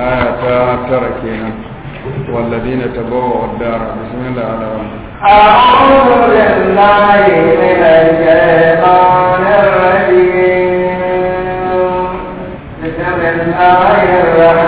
aya والذين تبوأوا الدار بسم الله على أعوذ بالله من الشيطان الرجيم بسم الله الرحمن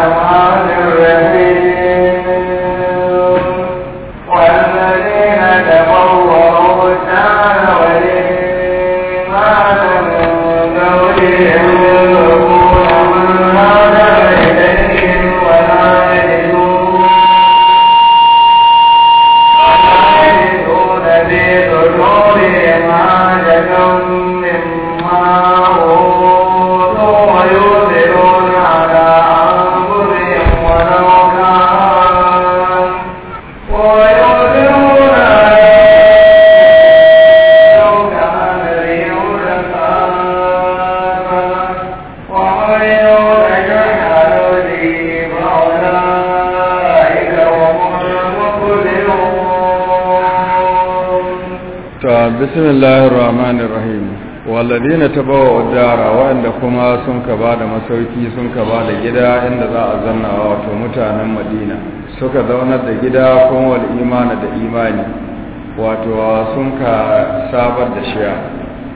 bismillahir rahmanir rahim walladina tabawa udara, waɗanda kuma sun ka ba da masauki sun ka ba da gida inda za a zanna wato mutanen madina suka zaunar da gida kuma wal da imani wato sun ka sabar da shiya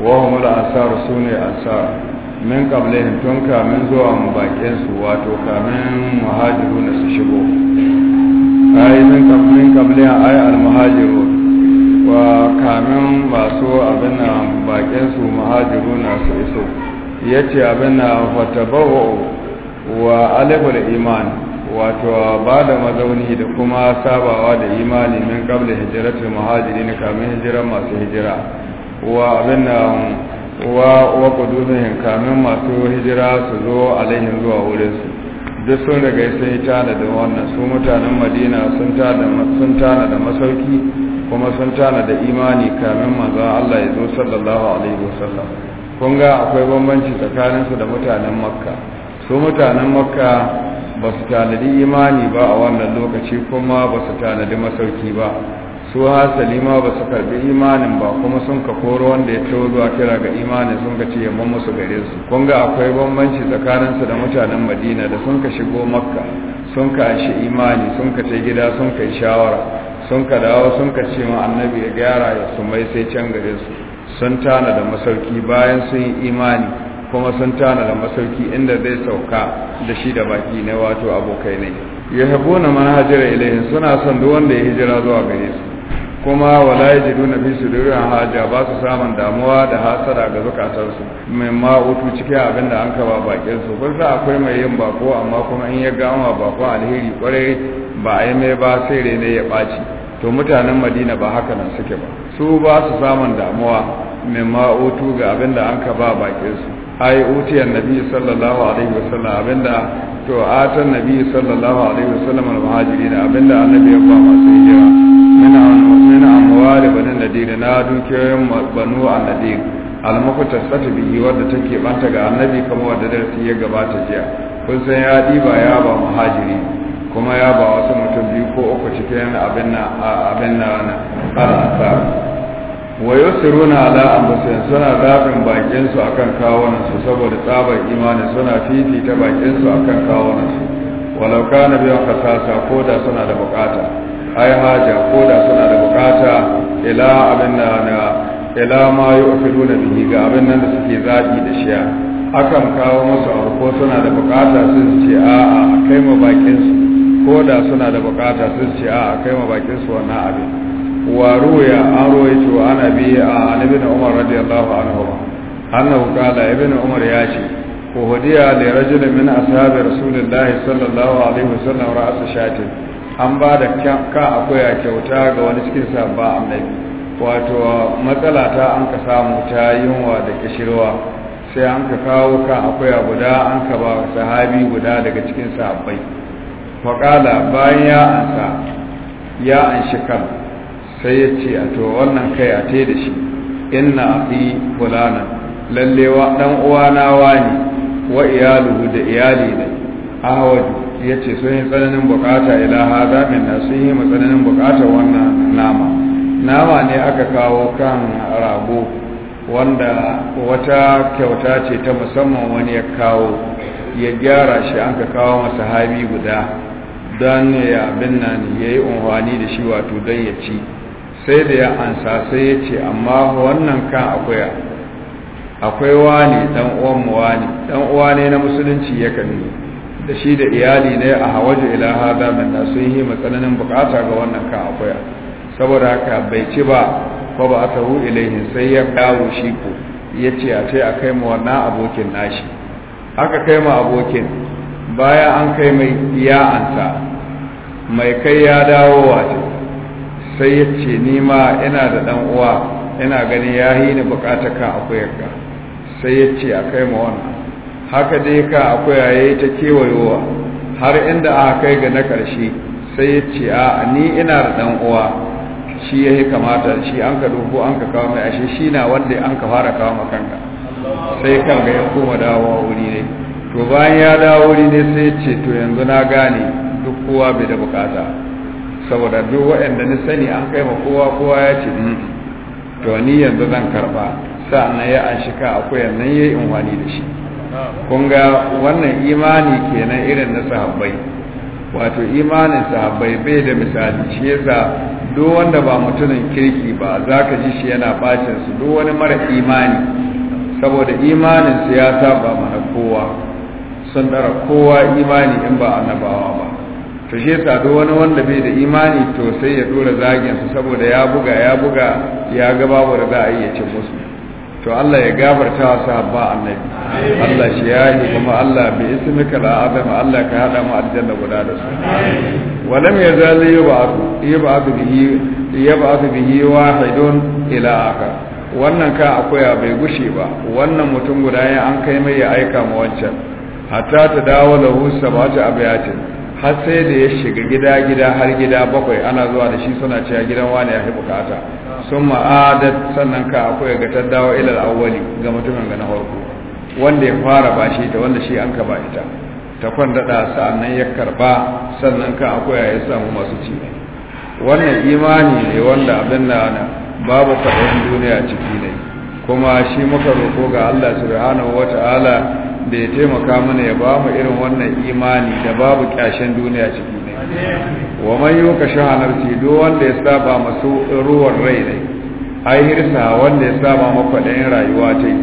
wahumul asar sune asar min qablihim tun kamin zuwa bakin su wato kamin muhajiruna su shigo ay min qablihim ay al muhajirun wa kamin masu abin na bakin su muhajiru na su iso ya ce abin na fatabawa wa alibul iman wato ba da mazauni da kuma sabawa da imani min kabla hijiratul muhajiri na kamin hijiran masu hijira wa abin na wa wa kudurin kamin masu hijira su zo alaihin zuwa wurinsu duk sun daga sun yi tana da wannan su mutanen madina sun tana da masauki kuma sun tana da imani kamin manzon Allah ya zo sallallahu alaihi wasallam kun ga akwai bambanci tsakanin su da mutanen makka su mutanen makka ba su tanadi imani ba a wannan lokaci kuma ba su tanadi masauki ba su hasali ma ba su karbi imanin ba kuma sun ka koro wanda ya tawo zuwa kira ga imanin sun ka ce yamman musu gare su kun ga akwai bambanci tsakaninsu da mutanen madina da sun ka shigo makka sun ka shi imani sun ka ce gida sun ka shawara sun ka dawo sun ka ce ma annabi ya gyara ya sumai sai can gare su sun tana da masauki bayan sun yi imani kuma sun tana da masauki inda zai sauka da shi da baki na wato abokai ne ya habo na manhajar ilai suna son duk wanda ya hijira zuwa gare su kuma wala ji na fi sudurin haja ba su samun damuwa da hasara ga zukatarsu mai ma cikin abin da an kaba bakin su kun sa akwai mai yin bako amma kuma in ya gama bako alheri kwarai ba a yi mai ba sai rene ya ɓaci to mutanen madina ba haka nan suke ba su ba su samun damuwa mai ma'otu ga abinda an ka ba bakin su ai utiyar nabi sallallahu alaihi wasallam abinda to atan nabi sallallahu alaihi wasallam al-muhajirin abinda annabi ya ba masu hijira min min amwali banin nadina na dukiyoyin banu annadir al-muqtasat bihi wadda take banta ga annabi kamar wadda darasi ya gabata jiya kun san ya diba ya ba muhajiri kuma ya ba wasu mutum biyu ko uku cikin abin na abin na al'asa wa yusiruna ala anfusihim suna zabin bakin su akan kawunan su saboda tsabar imani suna fifita bakin su akan kawunan su walau na biyan kasasa ko da suna da bukata ai haja ko da suna da bukata ila abin na ila ma yu'fiduna bihi ga abin nan da suke zabi da shiya akan kawo musu abu ko suna da bukata sun ce a'a kai mu bakin su ko da suna da bukata sun ce a kai ma bakin su wannan abin wa ruya an ruwaito ana bi a anibin umar radiyallahu anhu annahu qala ibn umar ya ce uhdiya li rajul min ashabi rasulillahi sallallahu alaihi wasallam ra'as shati an ba da ka akwai kyauta ga wani cikin sabba annabi wato matsala ta an ka samu ta yunwa da kishirwa sai an ka kawo ka akwai guda an ka ba sahabi guda daga cikin sahabbai faƙala bayan ya ansa ya anshi kan sai ya ce wannan kai a te da shi inna fi fulanan lalle ɗan uwana wani wa iyaluhu da iyali ne ahwadu ya ce sun yi tsananin bukata ila hada min na sun yi matsananin wannan nama nama ne aka kawo kan rago wanda wata kyauta ce ta musamman wani ya kawo ya gyara shi an ka kawo masa habi guda don ya abin nan ya yi unhwani da shi wato don ya ci sai da ya ansa sai ya ce amma wannan kan akwai akwai wani dan uwan mu wani dan uwa ne na musulunci ya ni da shi da iyali ne a hawaju ila hada min na sun yi matsananin bukata ga wannan kan akwai saboda haka bai ci ba ko ba hu ilaihi sai ya dawo shi ko yace a ce a kai mu wannan abokin nashi aka kai mu abokin Baya an kai mai iya'anta mai kai ya dawo wace sai ya ce nima ina da dan uwa ina gani ya yi ni bukatar ka akuyarka sai ya ce a kai ma wannan haka dai ka yayi ta kewayowa har inda aka kai ga na ƙarshe sai ya ce a ni ina da dan uwa shi ya yi kamata shi an ka dubo an ka kawo mai ashe shi na wanda an ka fara kawo makanka sai kan ga ya koma dawowa wuri ne to bayan ya dawo wuri ne sai ce to yanzu na gane duk kowa bai da bukata saboda duk waɗanda ni sani an kai ma kowa kowa ya ce to ni yanzu zan karba sa'annan ya an shika akwai yanzu, ya yi wani da shi kun ga wannan imani kenan irin na sahabbai wato imanin sahabbai bai da misali shi yasa duk wanda ba mutumin kirki ba za ka ji shi yana bacin su duk wani mara imani saboda imanin su ya saba mana kowa sun ɗara kowa imani in ba annabawa ba to shi yasa duk wani wanda bai da imani to sai ya dora zagin su saboda ya buga ya buga ya ga babu da za a iya cin musu to Allah ya gabarta wa sahabba annabi Allah shi ya yi kuma Allah bi ismika la adam Allah ka hada mu aljanna guda da su wa lam yazal yub'athu yub'athu bihi yub'athu bihi wahidun ila akhar wannan ka akwai bai gushe ba wannan mutum guda ya an kai mai ya aika mu wancan hatta ta dawo da ba ta abiyatin har sai da ya shiga gida gida har gida bakwai ana zuwa da shi suna cewa gidan wani ya fi bukata sun ma'adar sannan ka akwai ga taddawa ilal awwali ga mutumin ga na wanda ya fara bashi ta wanda shi an ka ba ita ta kwandada sa'annan ya karba sannan ka akwai ya samu masu ci wannan imani ne wanda abin da babu karɓar duniya ciki ne kuma shi muka roƙo ga Allah subhanahu ta'ala da ya taimaka mana ya ba mu irin wannan imani da babu kyashen duniya ciki ne wa man yuka ci duk wanda ya saba masu ruwan rai ne ai hirsa wanda ya saba makwaɗayin rayuwa ta yi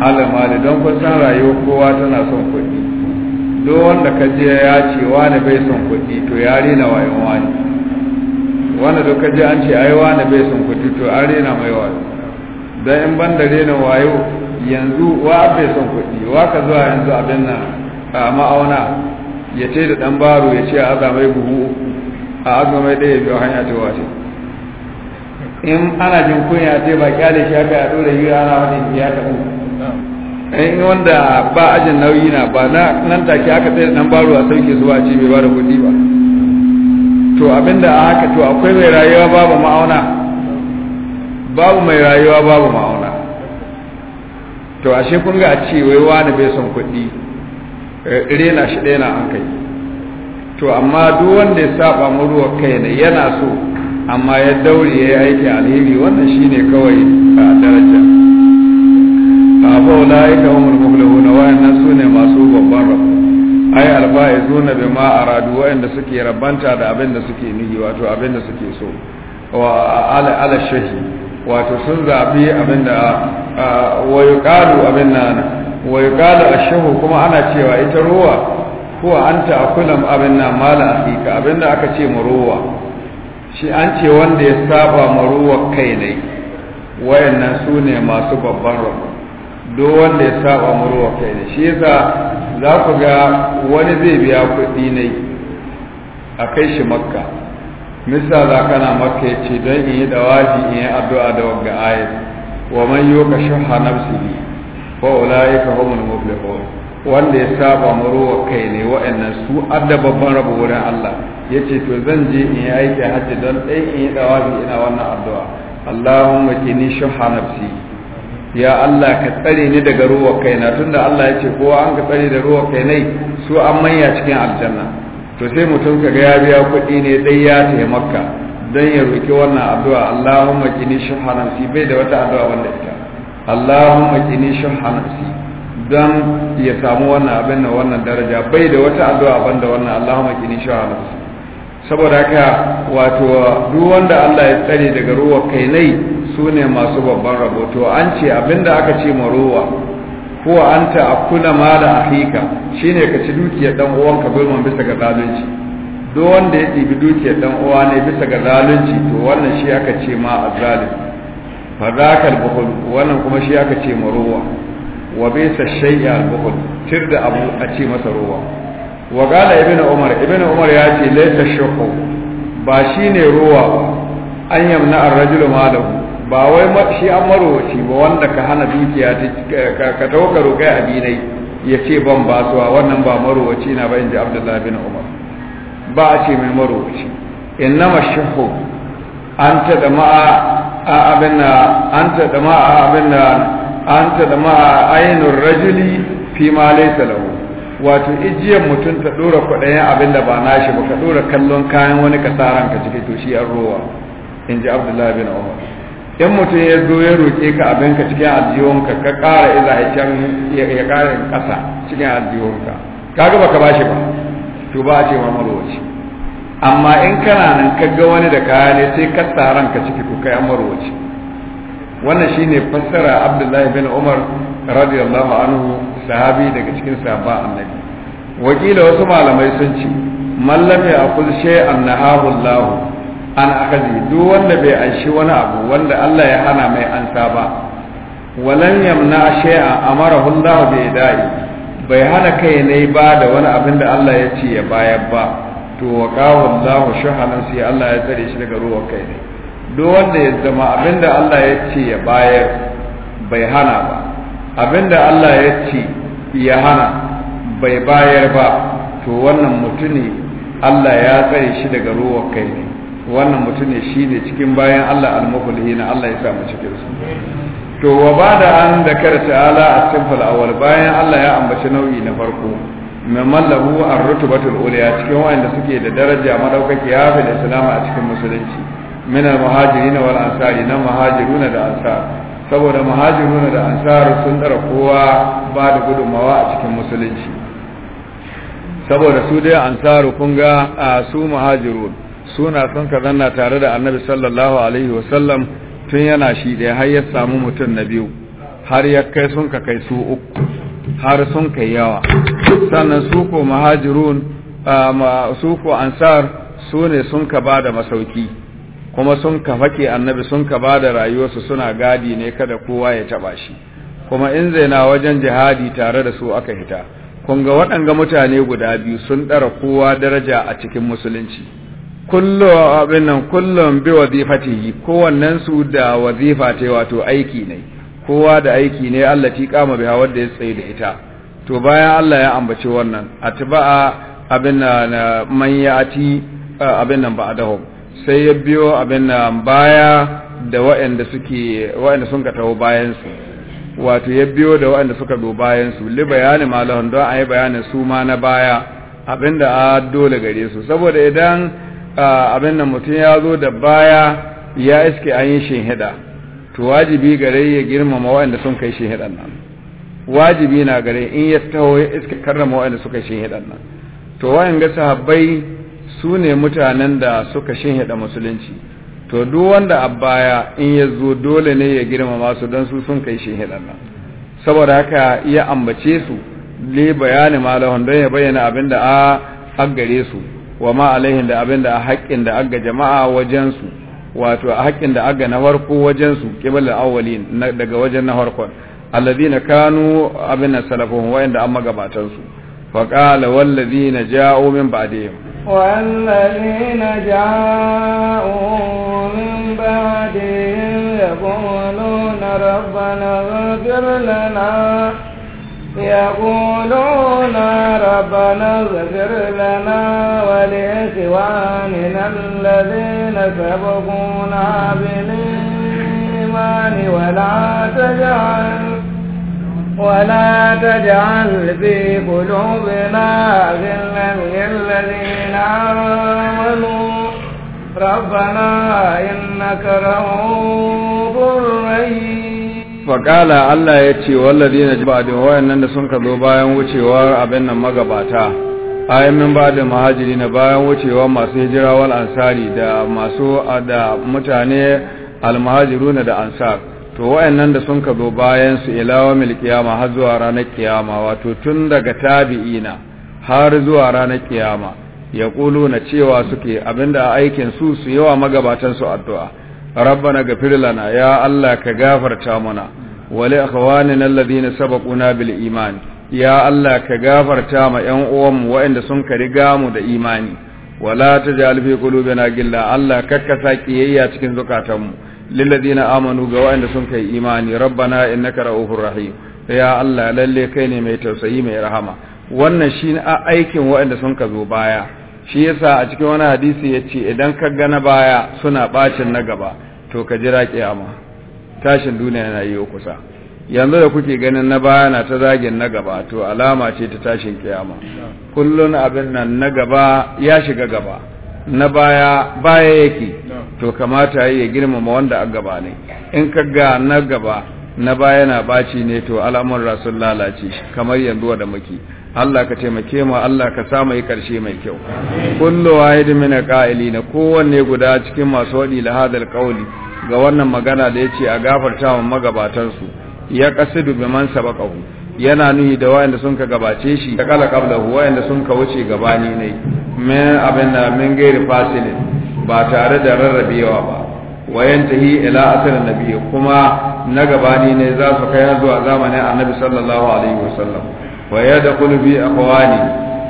da don kun san rayuwa kowa tana son kuɗi duk wanda ka je ya ce wani bai son kuɗi to ya rena wayan wani wanda duk ka je an ce ai wani bai son kuɗi to an rena mai wani dan in ban da rena wayo yanzu wa bai son kuɗi wa ka zuwa yanzu abin nan a ma'auna ya ce da ɗan baro ya ce a azamai buhu a azamai ɗaya biyu hanya ta wace in ana jin kunya ce ba kyale shi aka yaɗo da hira ana wani ya taɓu in wanda ba ajin nauyi na ba nan take aka tsaye da ɗan baro a sauke zuwa ce bai ba da kuɗi ba to abinda a haka to akwai mai rayuwa babu ma'auna babu mai rayuwa babu ma'auna to ashe kun ga a ce wai wani bai son kuɗi eh, rena shi ɗaya na an kai to amma duk wanda ya saba muruwa kai ne yana so amma ya daure ya yi aiki alheri wannan ne kawai a daraja a faula ya umar mulmuklahu na nan su ne masu babban rabu ai na bima aradu wayanda suke rabanta da abin da suke nihi wato abin da suke so wa ala shahi wato sun zaɓi abin da wayo ƙalu abin nan wayo ƙalu a shahu kuma ana cewa ita ruwa ko an ta'akulam abin nan mala hakika abin da aka ce maruwa shi an ce wanda ya saba maruwa kai ne wayannan su ne masu babban rabu do wanda ya saba maruwa kai ne shi yasa za ku ga wani zai biya kuɗi ne a kai shi makka misa kana makka ya ce don in yi dawafi in yi addu'a da wagga ayat wa man yuka shuha nafsihi fa ulaika humul muflihun wanda ya saba marowa kai ne wa'annan su adda babban rabo wurin Allah yace to zan je in yi aiki hajji don dai in yi dawafi ina wannan addu'a Allahumma kini shuha nafsi ya Allah ka tsare ni daga ruwa kaina tunda Allah yace ko kowa an ka tsare da ruwa kainai su an manya cikin aljanna to sai mutum kaga ya biya kuɗi ne dai ya tafi makka don ya roki wannan addu'a Allahumma qini shuhha nafsi bai da wata addu'a wanda ita Allahumma qini shuhha nafsi dan ya samu wannan abin nan wannan daraja bai da wata addu'a banda wannan Allahumma qini shuhha nafsi saboda haka wato duk wanda Allah ya tsare daga ruwa kainai sune masu babban rabo to an ce abinda aka ce ma ruwa ko an ta akuna mala shi shine ka ci dukiyar dan uwanka gulman bisa ga zalunci duk wanda ya ɗibi dukiyar dan uwa ne bisa ga zalunci to wannan shi aka ce ma azzalim Fadakar buhul wannan kuma shi aka ce ma ruwa wa bisa shay'a buhul bukhul tirda abu a ce masa ruwa wa gala ibnu umar ibnu umar ya ce laita shuhu ba shine ruwa ba an yamna ar-rajulu malahu ba wai shi an marowaci ba wanda ka hana dukiya ka tauka roƙai abinai ya ce ban ba suwa wannan ba marowaci na ba in ji abdullahi bin umar ba a ce mai marowaci In na an an ta dama a abin na an ta dama a ainihin rajuli fi ma laisa lahu wato ijiyar mutum ta dora kwaɗayen abin da ba nashi ba ka dora kallon kayan wani ka tsara ranka ciki to shi an rowa in ji abdullahi bin umar in mutum ya zo ya roƙe ka abin ka cikin aljihunka ka ƙara iza ya can ya ƙara ƙasa cikin aljihunka ka gaba ka bashi ba to ba a ce wani marwaci amma in kana nan ka ga wani da kaya ne sai ka tsaron ka ciki ko kai marwaci wannan shine fassara Abdullahi bin Umar radiyallahu anhu sahabi daga cikin sahaba annabi wakila wasu malamai sun ce mallame a kulshe shay'an nahahu an akazi duk wanda bai anshi wani abu wanda Allah ya hana mai ansa ba walan yamna shay'a amara Allah bi da'i bai hana kai ne ba da wani abin da Allah ya ce ya bayar ba to wa waqahu Allah shahanan sai Allah ya tsare shi daga ruwan kai ne duk wanda ya zama abin da Allah ya ce ya bayar bai hana ba abin da Allah ya ce ya hana bai bayar ba to wannan mutune Allah ya tsare shi daga ruwan kai ne wannan mutum ne shi ne cikin bayan Allah al-muflihi na Allah ya samu cikin su to wa bada an da kar ta'ala a sinful awwal bayan Allah ya ambaci nau'i na farko mai mallahu ar-rutubatul ulya cikin wanda suke da daraja fi da salama a cikin musulunci min al-muhajirin wal ansari na muhajiruna da ansar saboda muhajiruna da ansar sun dara kowa ba da gudummawa a cikin musulunci saboda su dai ansaru kun ga su muhajirun suna sun ka zanna tare da annabi sallallahu alaihi wasallam tun yana shi ɗaya har ya samu mutum na biyu har ya kai sun ka kai su uku har sun kai yawa sannan su ko mahajirun su ko ansar su ne sun ka ba da masauki kuma sun ka fake annabi sun ka ba da rayuwarsu suna gadi ne kada kowa ya taba shi kuma in zaina wajen jihadi tare da su aka hita kun ga waɗanga mutane guda biyu sun ɗara kowa daraja a cikin musulunci kullu abin nan kullum bi wazifatihi kowannen su da wazifa ta wato aiki ne kowa da aiki ne Allah ti kama biha wanda ya tsaye da ita to bayan Allah ya ambaci wannan atba'a abin nan man yati abin nan ba'dahum sai ya biyo abin nan baya da waɗanda suke waɗanda sun ka tawo bayan su wato ya biyo da wa'anda suka go bayan su li bayani malahun don a yi bayanin su ma na baya abinda a dole gare su saboda idan abin nan mutum ya zo da baya ya iske an yi shinhida to wajibi gare ya girmama waɗanda sun kai shinhidan nan wajibi na gare in ya taho ya iske karrama waɗanda suka shinhidan nan to wayan ga sahabbai su ne mutanen da suka shinhida musulunci to duk wanda a baya in ya zo dole ne ya girmama su don su sun kai shinhidan nan saboda haka ya ambace su le bayani malahun don ya bayyana abin da a gare su wa ma alaihim da abin da haƙƙin da aga jama'a wajen su wato a haƙƙin da aga na farko wajen su qibal al-awwalin daga wajen na farkon alladhina kanu abin salafuhum wa inda amma gabatan su fa qala walladhina ja'u min ba'dihim walladhina ja'u min ba'dihim yaquluna rabbana ighfir lana يقولون ربنا اغفر لنا ولإخواننا الذين سبقونا بالإيمان ولا تجعل ولا تجعل في قلوبنا غلا للذين آمنوا ربنا إنك رؤوف رحيم faƙala Allah ya ce wallazi na ji wayan wayannan da sun ka zo bayan wucewa abin nan magabata ayin min da mahajiri na bayan wucewa masu hijira wal ansari da masu da mutane na da ansar to wayannan da sun ka zo bayan su ilawa mil kiyama har zuwa ranar kiyama wato tun daga tabi'ina har zuwa ranar kiyama ya na cewa suke abinda aikin su su yawa magabatan su addu'a rabbana ghafir lana ya Allah ka gafarta mana wa li akhwanina alladhina sabaquna bil imani. ya Allah ka gafarta ma ƴan uwanmu waɗanda sun ka riga mu da imani wala taj'al fi qulubina gilla Allah kakka sa kiyayya cikin zukatanmu lilladhina amanu ga waɗanda sun kai imani rabbana innaka ra'ufur rahim ya Allah lalle kai ne mai tausayi mai rahama wannan shi ne aikin waɗanda sun ka zo baya shi yasa a cikin wani hadisi ya ce idan ka ga na baya suna bacin na gaba to ka jira kiyama tashin duniya yana yi kusa yanzu da kuke ganin na baya na ta zagin na gaba to alama ce ta tashin kiyama kullun abin nan na gaba ya shiga gaba na baya baya yake to kamata ya girmama wanda a gaba ne in ka ga na gaba na baya na baci ne to alamun sun lalace kamar yanzu da muke Allah ka taimake mu Allah ka sa mai karshe mai kyau kullu wahid min qa'ilina kowanne guda cikin masu wadi hadal qawli ga wannan magana da yace a gafarta wa magabatan su ya qasidu man sabaqahu yana nuni da wayanda sun ka gabace shi da kala qablahu wayanda sun ka wuce gabani ne min abin da min gairi fasilin ba tare da rarrabewa ba tahi ila asr annabi kuma na gabani ne za su kai zuwa zamanin annabi sallallahu alaihi wasallam wa ya da kulubi a ne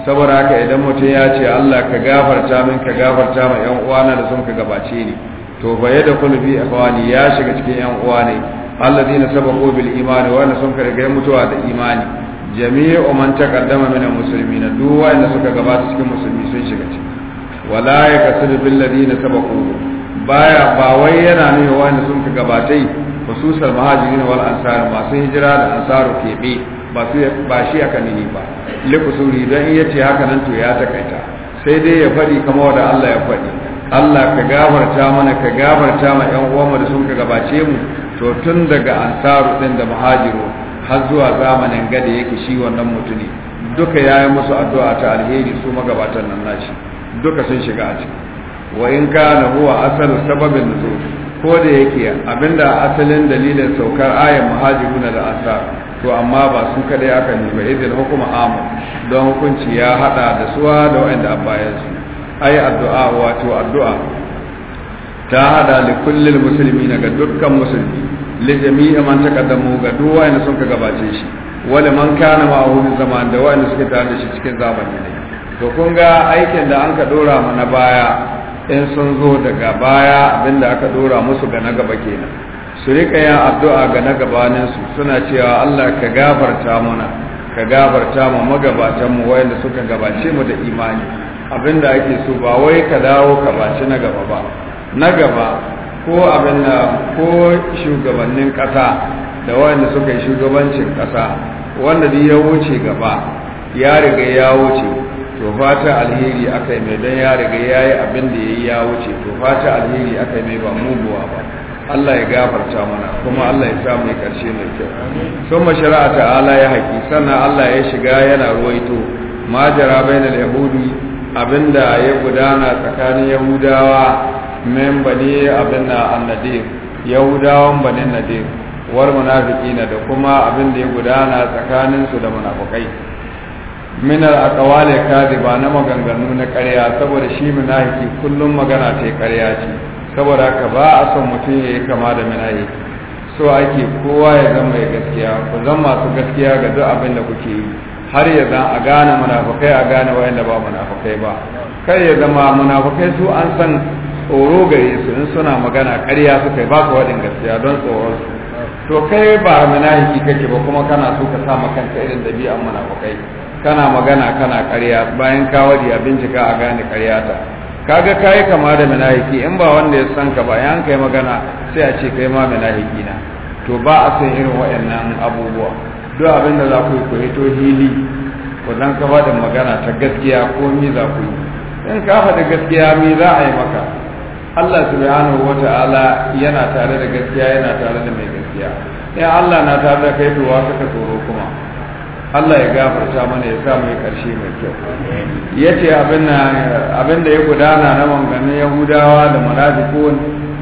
saboda haka idan mutum ya ce Allah ka gafarta min ka gafarta ma yan uwana da sun ka gabace ni to fa ya da kulubi a ne ya shiga cikin yan uwa ne alladina sabaqu bil imani wa sun ka riga mutuwa da imani ta kaddama mina Musulmi na duk wanda suka gabata cikin musulmi sun shiga ciki wala sirri bin ladina sabaqu baya ba wai yana nuna wanda sun ka gabatai Fasusar mahajirin wal ansar masu hijira da ansaru bi ba shi aka nini ba likusuri don iya ce haka nan to ya takaita sai dai ya faɗi kama wanda Allah ya faɗi Allah ka gafarta mana ka gafarta ma ƴan uwanmu da sun ka gabace mu to tun daga ansaru din da muhajiru har zuwa zamanin gada yake shi wannan mutune duka yayi musu addu'a ta alheri su magabatan nan nashi duka sun shiga a ciki wa in kana huwa asal sababin nuzul ko da yake abinda asalin dalilin saukar ayan muhajiruna da ansaru to amma ba su kadai aka ne ba idan hukuma amu don hukunci ya hada da suwa da wa'anda an su ai addu'a wato addu'a ta hada da kullil musulmi ga dukkan musulmi li jami'a man taqaddamu ga duk ina sun ka gabace shi wala man kana ma'ahu zaman da wa'anda suke tare da shi cikin zamani ne to kun ga aikin da an ka dora mana baya in sun zo daga baya abinda aka dora musu ga na gaba kenan su rika yin addu'a ga na gabaninsu suna cewa Allah ka gafarta mana ka gafarta mu magabatanmu wayanda suka gabace mu da imani abinda ake so ba wai ka dawo ka baci na gaba ba na gaba ko abin ko shugabannin ƙasa da wayanda suka yi shugabancin ƙasa wanda duk ya wuce gaba ya riga ya wuce to fata alheri aka yi mai don ya riga ya yi abin da ya yi ya wuce to fata alheri aka yi mai ba muguwa ba Allah ya gafarta mana kuma Allah ya sa mai karshe mai kyau sun mashara'a ta'ala ya haƙi sannan Allah ya shiga yana ruwaito majara na yahudi abinda ya gudana tsakanin yahudawa min abinda annadir yahudawan na nadir war da kuma abinda ya gudana tsakanin su da munafukai min al-aqwali ba na maganganu na ƙarya saboda shi munafiki kullum magana ta ƙarya ce saboda ka ba a son mutum ya yi kama da minaye so ake kowa ya zama ya gaskiya ku zan masu gaskiya ga duk abin da kuke yi har ya zan a gane munafukai a gane da ba munafukai ba kai ya zama munafukai su an san tsoro gare su in suna magana karya su kai ba su waɗin gaskiya don tsoron su to kai ba munafiki kake ba kuma kana so ka sa kanka irin dabi'an munafukai kana magana kana karya bayan ka wadi a bincika a gane ƙarya ta kaga kai kama da munafiki in ba wanda ya san ka ba yan kai magana sai a ce kai ma munafiki na to ba a san irin waɗannan abubuwa duk abin da za ku yi ku to hili ku zan ka magana ta gaskiya ko mi za ku yi in ka faɗi gaskiya mi za a yi maka Allah subhanahu wata'ala ta'ala yana tare da gaskiya yana tare da mai gaskiya in Allah na tare da kai to wa ka tsoro kuma Allah ya gafarta mana ya sa mai ƙarshe mai kyau ya ce abin da ya gudana na manganin yahudawa da munafikun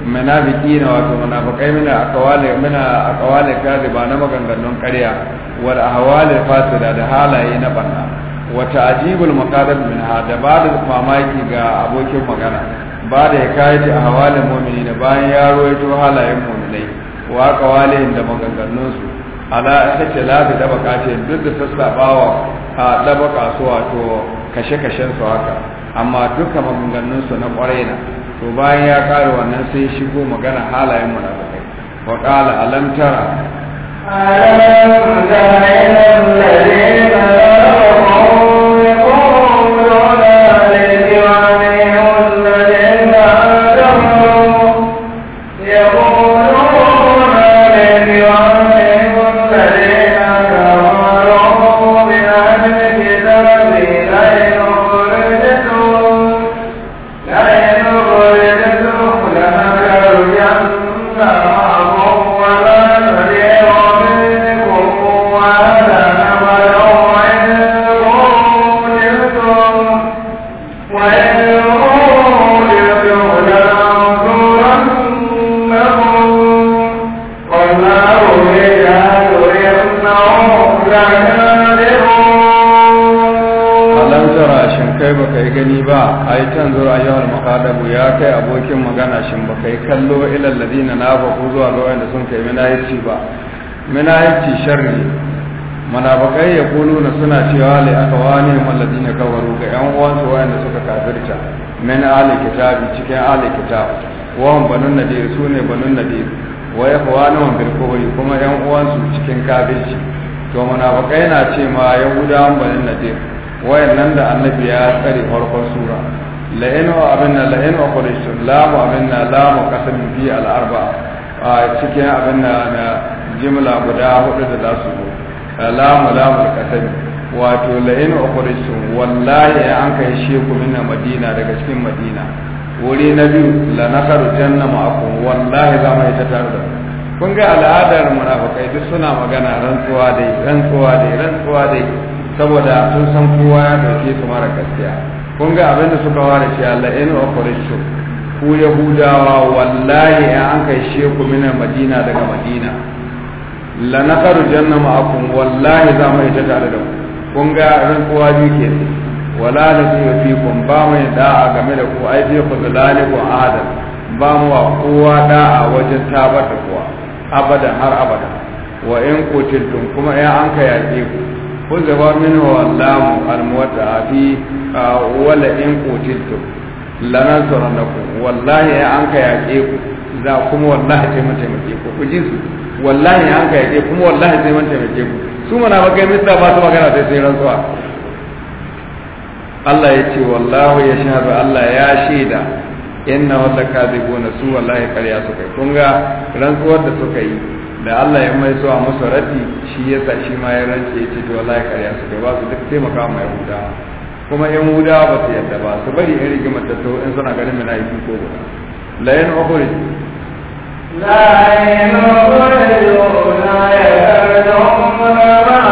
munafiki na wato munafikai mina akawale mina akawale ba na maganganun ƙarya wal ahwal fasida da halaye na banna wa ta'jibul hada ba da famaki mamaki ga abokin magana ba da ya kai ji ahwalin mu'mini da bayan ya roito halayen mu'minai wa akawalin da maganganun su ala ta ce labi da baka ce duk da sassabawa a dabaka su wato kashe-kashen su haka amma duka maganganun su na kwarai na to bayan ya kare wannan sai shigo magana halayen mu na kai wa qala alam tara alam tara de na nafaku zuwa ga wanda sun kai minahici ba minahici sharri manafakai ya kulu na suna cewa lai aka wani malladi na kawaru ga yan uwansu wanda suka kafirta min ali kitabi cikin ali kitab wa'an banun nadir ne banun nadir wa ikhwanuhum bil kufri kuma yan uwansu cikin kafirci to manafakai na ce ma yahudawan banun nadir wayannan da annabi ya tsare farkon sura la'in wa abinna la'in wa quraysh lamu abinna lamu kasar fi al'arba a cikin abinna na jimla guda hudu da za su lamu lamu kasar wato la'in wa quraysh wallahi an kai sheku minna madina daga cikin madina wuri na biyu la karu janna ma'akum wallahi za mu yi ta tare da kun ga al'adar munafukai duk suna magana rantsuwa dai rantsuwa dai rantsuwa dai saboda sun san kowa ya dauke su mara gaskiya kun ga abin da suka ware shi Allah in ukhrijtu ku yahudawa wallahi in an kai sheku min madina daga madina la nakaru janna ma'akum wallahi za mu ita tare da ku kun ga rantsuwa biyu ke wala da fi kun ba mu a game da ku ai fi kun ku adam ba mu wa kowa a wajen tabar da kowa abadan har abada wa in kutiltum kuma in an kai ku huzewa minhu allahu almuwadda fi wala in qutiltu lanansurannakum wallahi an ka yaƙe ku za kuma wallahi sai mun ku ku su wallahi an ka yaƙe kuma wallahi sai mun ku su mana baka mista ba su magana sai sai rantsuwa Allah ya ce wallahu ya shahadu Allah ya shaida inna wata kadibuna su wallahi ƙarya suka yi kun ga rantsuwar da suka yi da Allah ya mai zuwa musu raddi shi ya sa shi ma ya rance ya ce dole ya karya su ba su duk taimaka ma Yahuda kuma huda ba su yadda ba su bari in rigimar ta to in suna ganin mina yi ko ba la yan ukhri la yan ukhri la yan ukhri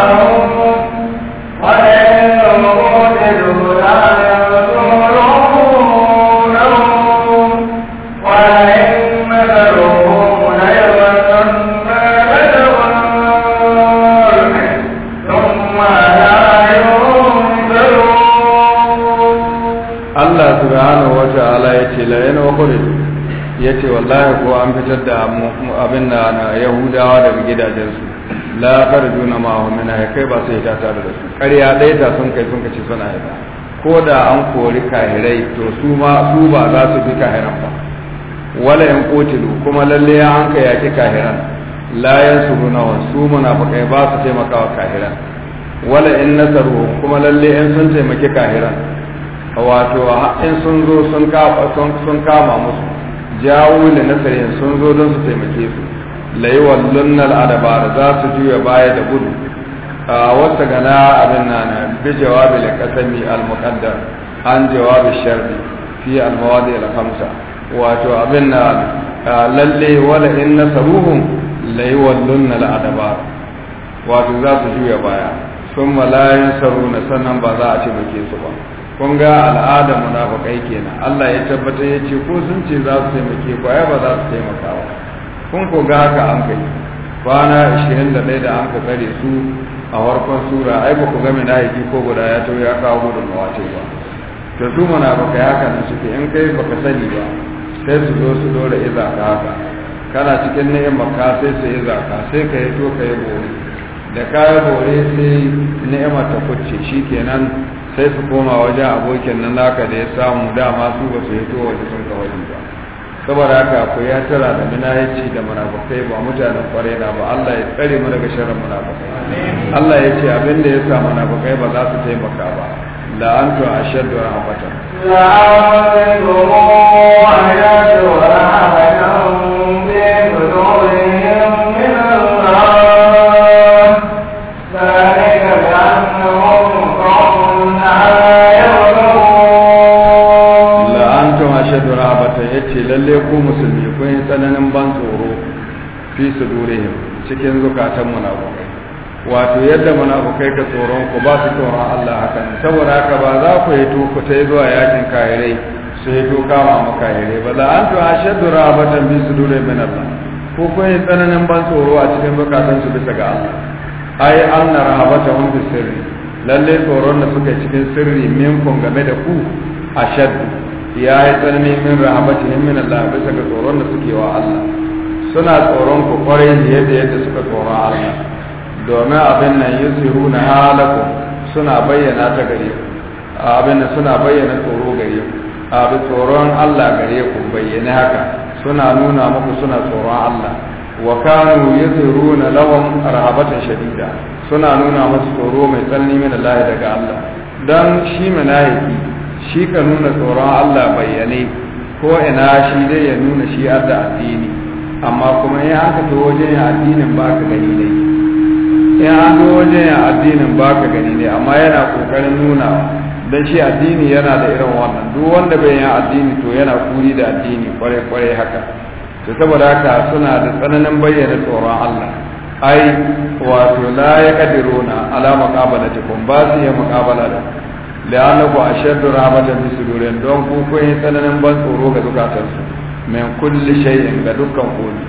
an fitar da abin da na yahudawa daga gidajensu la farju na ya kai ba su yi tare da su ƙarya ɗaya ta sun kai sun kace suna yi ko da an kori kahirai to su ma su ba za su fi kahiran ba wala yan kotilu kuma lalle ya an ka yaki kahiran la yansuruna wa su fakai ba su taimakawa kahiran wala in nasaru kuma lalle 'yan sun taimaki kahiran wato in sun zo sun kama musu jawo da nasarin sun zo don su taimake su laiwal lunnal adaba za su juya baya da gudu a wata gana abin nan bi jawabi la qasami al muqaddar an jawabi sharri fi al mawadi al khamsa wato abin na lalle wala in nasaruhum laiwal lunnal adaba wato za su juya baya sun malayin na sannan ba za a taimake su ba kun ga al'ada munafikai kenan Allah ya tabbata ya ce ko sun ce za su taimake ku ai ba za su taimaka ba kun ko ga haka an kai kwana 21 da an ka tsare su a farkon sura ai ba ku na minahiki ko guda ya to ya kawo gudun mawace ba to su munafikai haka nan suke in kai baka sani ba sai su zo su dora iza ka haka kana cikin ni'ima ka sai su iza ka sai ka yi to ka yi bore da ka yi bore sai ni'ima ta kucce kenan sai su koma wajen abokin nan naka da ya samu dama su ba su hito wa jikin kawai ba saboda haka ku ya tara da minayaci da munafikai ba mutanen kware na ba Allah ya tsare mu daga sharrin munafikai Allah ya ce abin da ya sa munafikai ba za su taimaka ba la antu ashaddu rahmatan la antu ashaddu rahmatan fi sudurihim cikin zukatan munafukai wato yadda munafukai ka tsoron ku ba su tsoron Allah hakan saboda haka ba za ku yi tuku ta zuwa yakin kahirai su yi kama mu kahirai ba za an to rahabatan rabatan bi sudurihim min Allah ko kun yi tsananin ban tsoro a cikin zukatan su bisa ga Allah ai na rahabatan fi sirri lalle tsoron da suka cikin sirri min kun game da ku ashaddu ya yi tsanani min rahabatihim min Allah bisa ga tsoron da suke wa Allah suna tsoron ku kwarai da yadda yadda suka tsoron Allah domin abin nan yusiru na halaku suna bayyana ta gare ku abin nan suna bayyana tsoro gare ku abin tsoron Allah gare ku bayyana haka suna nuna muku suna tsoron Allah wa kanu na lawan rahabatan shadida suna nuna musu tsoro mai tsanani min Allah daga Allah dan shi malaiki shi ka nuna tsoron Allah bayyane ko ina shi dai ya nuna shi adda addini amma kuma in aka to wajen ya addinin ba ka gani ne in an to wajen ya addinin ba ka gani ne amma yana kokarin nuna dan shi addini yana da irin wannan duk wanda bai yi addini to yana kuri da addini kwarai kwarai haka to saboda haka suna da tsananin bayyana tsoron Allah ai wato la ya kadiruna ala kun ba su yi muqabala da la'annahu ashaddu rahabatan bi don ku kun yi tsananin ban tsoro ga dukatansu. min kulli shay'in ga dukkan komi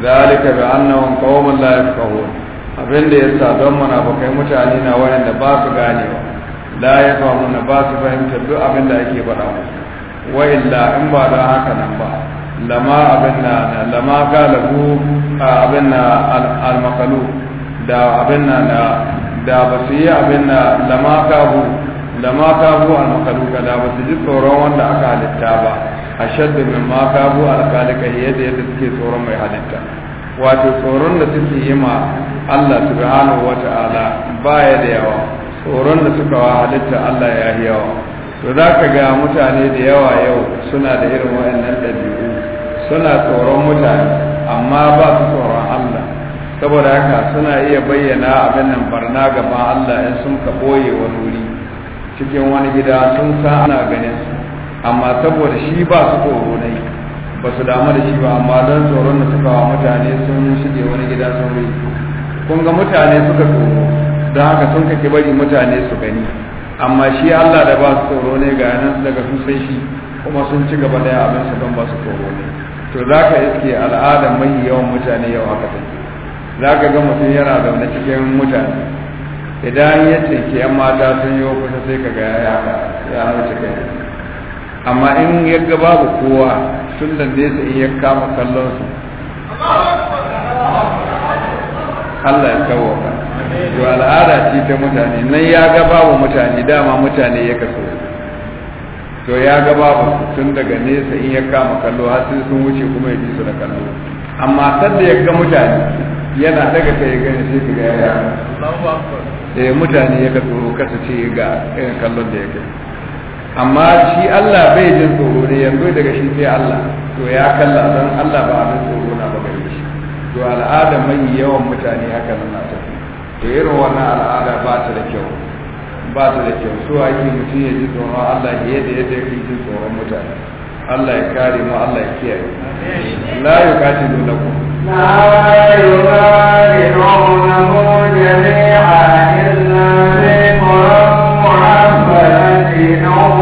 zalika bi annahum qaumun la yafqahun abin da sa don munafikai mutane na waɗanda ba su gane da ya la yafhamuna ba su fahimta duk abin da ake faɗa musu wa illa in ba da haka nan ba lama abin na lama galabu abin na al-makalu da abin na da ba su yi abin na lama kabu lama kabu al-makalu da ba su ji tsoron wanda aka halitta ba ashaddu min ma kabu alqalika yadda yadda suke tsoron mai halitta wato tsoron da suke yi ma Allah subhanahu wata'ala baya da yawa tsoron da suka wa halitta Allah ya yi yawa to za ka ga mutane da yawa yau suna da irin waɗannan ɗabi'u suna tsoron mutane amma ba su tsoron Allah saboda haka suna iya bayyana abin nan barna gaba Allah in sun ka ɓoye wani wuri cikin wani gida sun san ana ganin su amma saboda shi ba su tsoro ne ba su damu da shi ba amma don tsoron da suka wa mutane sun shige wani gida sun rai kun ga mutane suka tsoro don haka sun kake bari mutane su gani amma shi Allah da ba su tsoro ne ga nan daga sun sai shi kuma sun ci gaba da abin su don ba su tsoro ne to za ka iske al'adar mai yawan mutane yau haka take za ka ga mutum yana zaune cikin mutane idan ya ce ke mata sun yi kusa sai ka ga ya haka ya mace kai amma in yagga babu kowa tun da su in ya kama kallon su Allah ya kawo ka to al'ada ce ta mutane nan ya ga babu mutane dama mutane ya kaso to ya ga babu tun daga nesa in ya kama kallo har sai sun wuce kuma ya ji su da kallo amma sadda ya ga mutane yana daga kai gani sai ka ga ya eh mutane ya kaso kasu ce ga kallon da yake amma shi Allah bai jin tsoro ne yanzu daga shi sai Allah to ya kalla don Allah ba abin tsoro na ba gare shi to al'ada mai yawan mutane haka nan ta to irin wannan al'ada ba ta da kyau ba ta da kyau so ake mutum ya ji tsoro Allah ya yadda yadda yake jin tsoron mutane Allah ya kare mu Allah ya kiyaye la yuqatilu lakum la yuqatilu jami'an illa bi qur'an muhammadin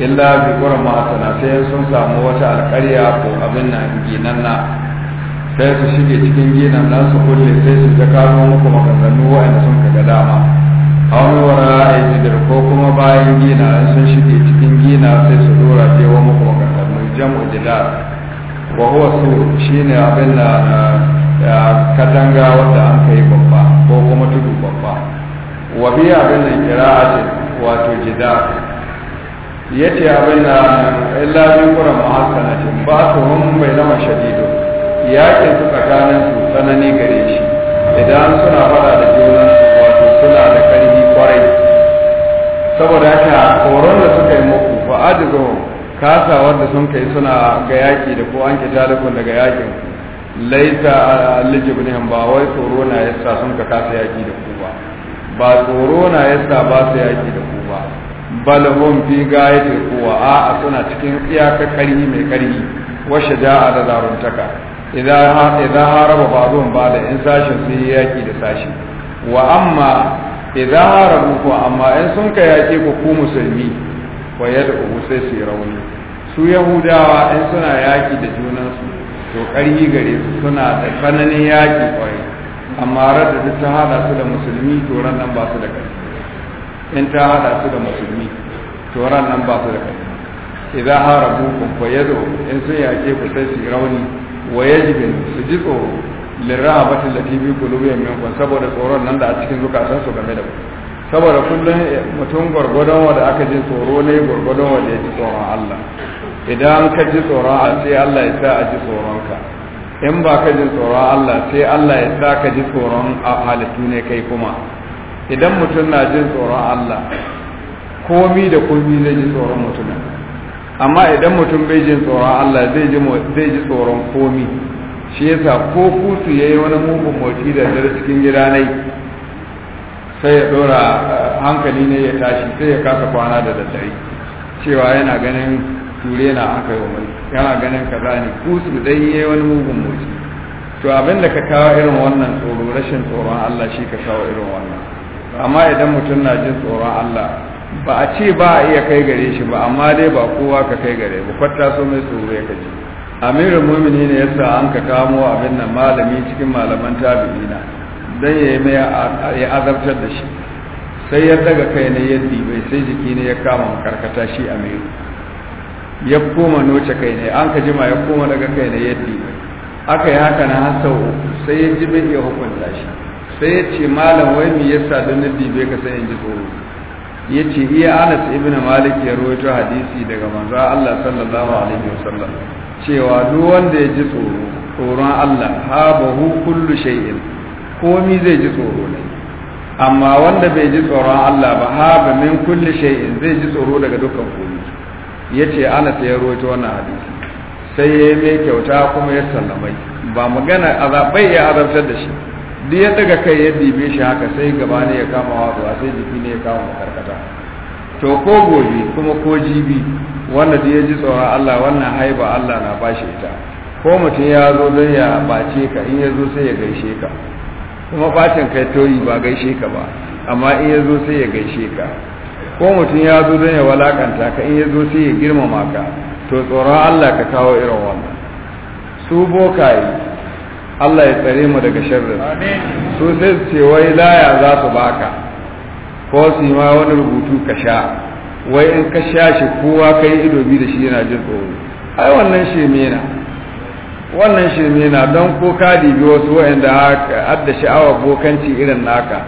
illa bi gura sana sai sun samu wata alƙarya ko abin na ginan na sai su shige cikin ginan nan su kulle sai su ga kawo muku maganganu wa'anda sun kaga dama a wani wara a ko kuma bayan gina sun shige cikin gina sai su dora wa muku maganganu jam'u jidar wa huwa su shine abin da eh, katanga wanda an kai babba ko kuma tudu babba wa biya abin da kira'atin wato jidar ya ce abin na illabin na mahasanatin ba su mun bai lama shadido yakin su tsakanin su tsanani gare shi idan suna fada da juna su wato suna da karfi kwarai saboda haka horon da suka yi muku ba adigo kasa wanda sun kai suna ga yaki da ko an kita da daga yakin laita alijibnihim ah, ba wai tsoro na yasa sun ka kasa yaki da ku ba ba tsoro na yasa ba su yaki da ku ba bal hum fi gayati quwa a suna cikin iyakar karhi mai karhi wa shaja'a da zaruntaka idan idan haraba ba ba'da in sashin su yaki da sashi wa amma idan harabu ko amma in sun ka yaki ku ku musulmi wa yad'u sai su rauni su yahudawa in suna yaki da junansu to karhi gare su suna da tsananin yaki kwai amma radda ta hada su da musulmi to ran nan ba su da karhi in ta hada su da musulmi to ran nan ba su da kai idan harabu kun fayyado in sun yake ku sai su rauni wa yajibu su ji tsoro bi latifi min minkun saboda tsoron nan da a cikin zukatan su game da ku saboda kullum eh, mutum gwargwadon da aka ji tsoro ne gwargwadon wanda ya ji tsoron Allah idan ka ji tsoron sai Allah ya sa a ji tsoron ka. in ba ka ji tsoron Allah sai Allah ya sa ka ji tsoron a halittu ne kai kuma idan mutum na jin tsoron Allah komi da komi zai ji tsoron mutum amma idan mutum bai jin tsoron Allah zai ji tsoron komi shi yasa ko kusu ya yi wani mugun motsi da dare cikin gida nai sai ya dora eh, hankali ne ya tashi sai ya kasa kwana da daddare cewa yana ganin ture na aka yi mai yana ganin kaza ne kusu dai yi wani mugun motsi to abin da ka kawo irin wannan tsoro rashin tsoron Allah shi ka kawo irin wannan amma idan mutum na jin tsoron Allah ba a ce ba a iya kai gare shi ba amma dai ba kowa ka kai gare ba kwatta so mai tsoro ya kaji amirul mu'mini ne yasa an ka kamo abin nan malami cikin malaman tabi'ina dan yayi mai ya azabtar da shi sai ya daga kai ne ya dibe sai jiki ne ya kama makarkata shi amiru ya koma noce kai ne an ka jima ya koma daga kai ne ya dibe aka yi haka na har sau sai ya ji bai hukunta shi sai ya ce malam wai me yasa don na dibe ka san in ji tsoro ya ce iya anas ibn malik ya rawaito hadisi daga manzo Allah sallallahu alaihi wasallam cewa duk wanda ya ji tsoro tsoron Allah ha hu kullu shay'in komi zai ji tsoro ne amma wanda bai ji tsoron Allah ba ba min kulli shay'in zai ji tsoro daga dukkan komi ce anas ya rawaito wannan hadisi sai ya yi mai kyauta kuma ya sallamai ba magana azabai ya azabtar da shi duk ya daga kai ya dibe shi haka sai gaba ne ya kama watsuwa sai jiki ne ya kama karkata to ko gobe kuma ko jibi wanda da ya ji tsoron Allah wannan haiba Allah na bashi ita ko mutum ya zo don ya bace ka in ya zo sai ya gaishe ka kuma bacin kai toyi ba gaishe ka ba amma in ya zo sai ya gaishe ka ko mutum ya zo don ya walakanta ka in ya zo sai ya girmama ka to tsoron Allah ka kawo irin wannan su bokaye Allah ya tsare mu daga sharrin su sai su ce wai laya za su baka ko su ma wani rubutu ka sha wai in ka sha shi kowa ka yi ido bi da shi yana jin tsoro ai wannan sheme na wannan sheme na don ko ka dibi wasu wa'anda adda sha'awa bokanci irin naka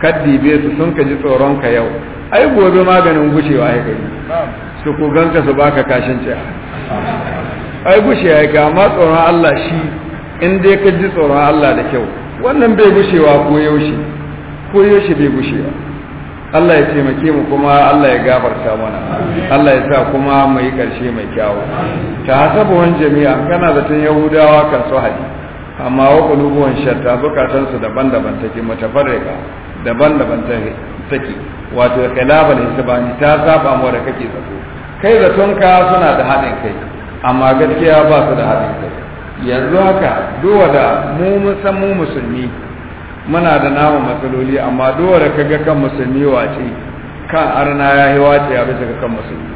ka dibe su sun ka ji tsoron ka yau ai gobe maganin gushewa ya kai su ko ganka su baka kashin ciya ai gushe ya kai amma tsoron Allah shi in dai ka ji tsoron Allah da kyau wannan bai gushewa ko yaushe ko yaushe bai gushewa Allah ya taimake mu kuma Allah ya gafarta mana Allah ya sa kuma mu yi ƙarshe mai kyawu ta wan jami'a kana tun yahudawa kan su haɗi amma wa kulubuwan shatta su daban-daban take mutafarriqa daban-daban take wato kalaban hisabani ta saba mu da kake zato kai zaton ka suna da haɗin kai amma gaskiya ba su da haɗin kai yanzu haka duwa da mu musan mu musulmi muna da namu matsaloli amma duwa da kaga kan musulmi wace kan arna ya yi wace ya bisa ga kan musulmi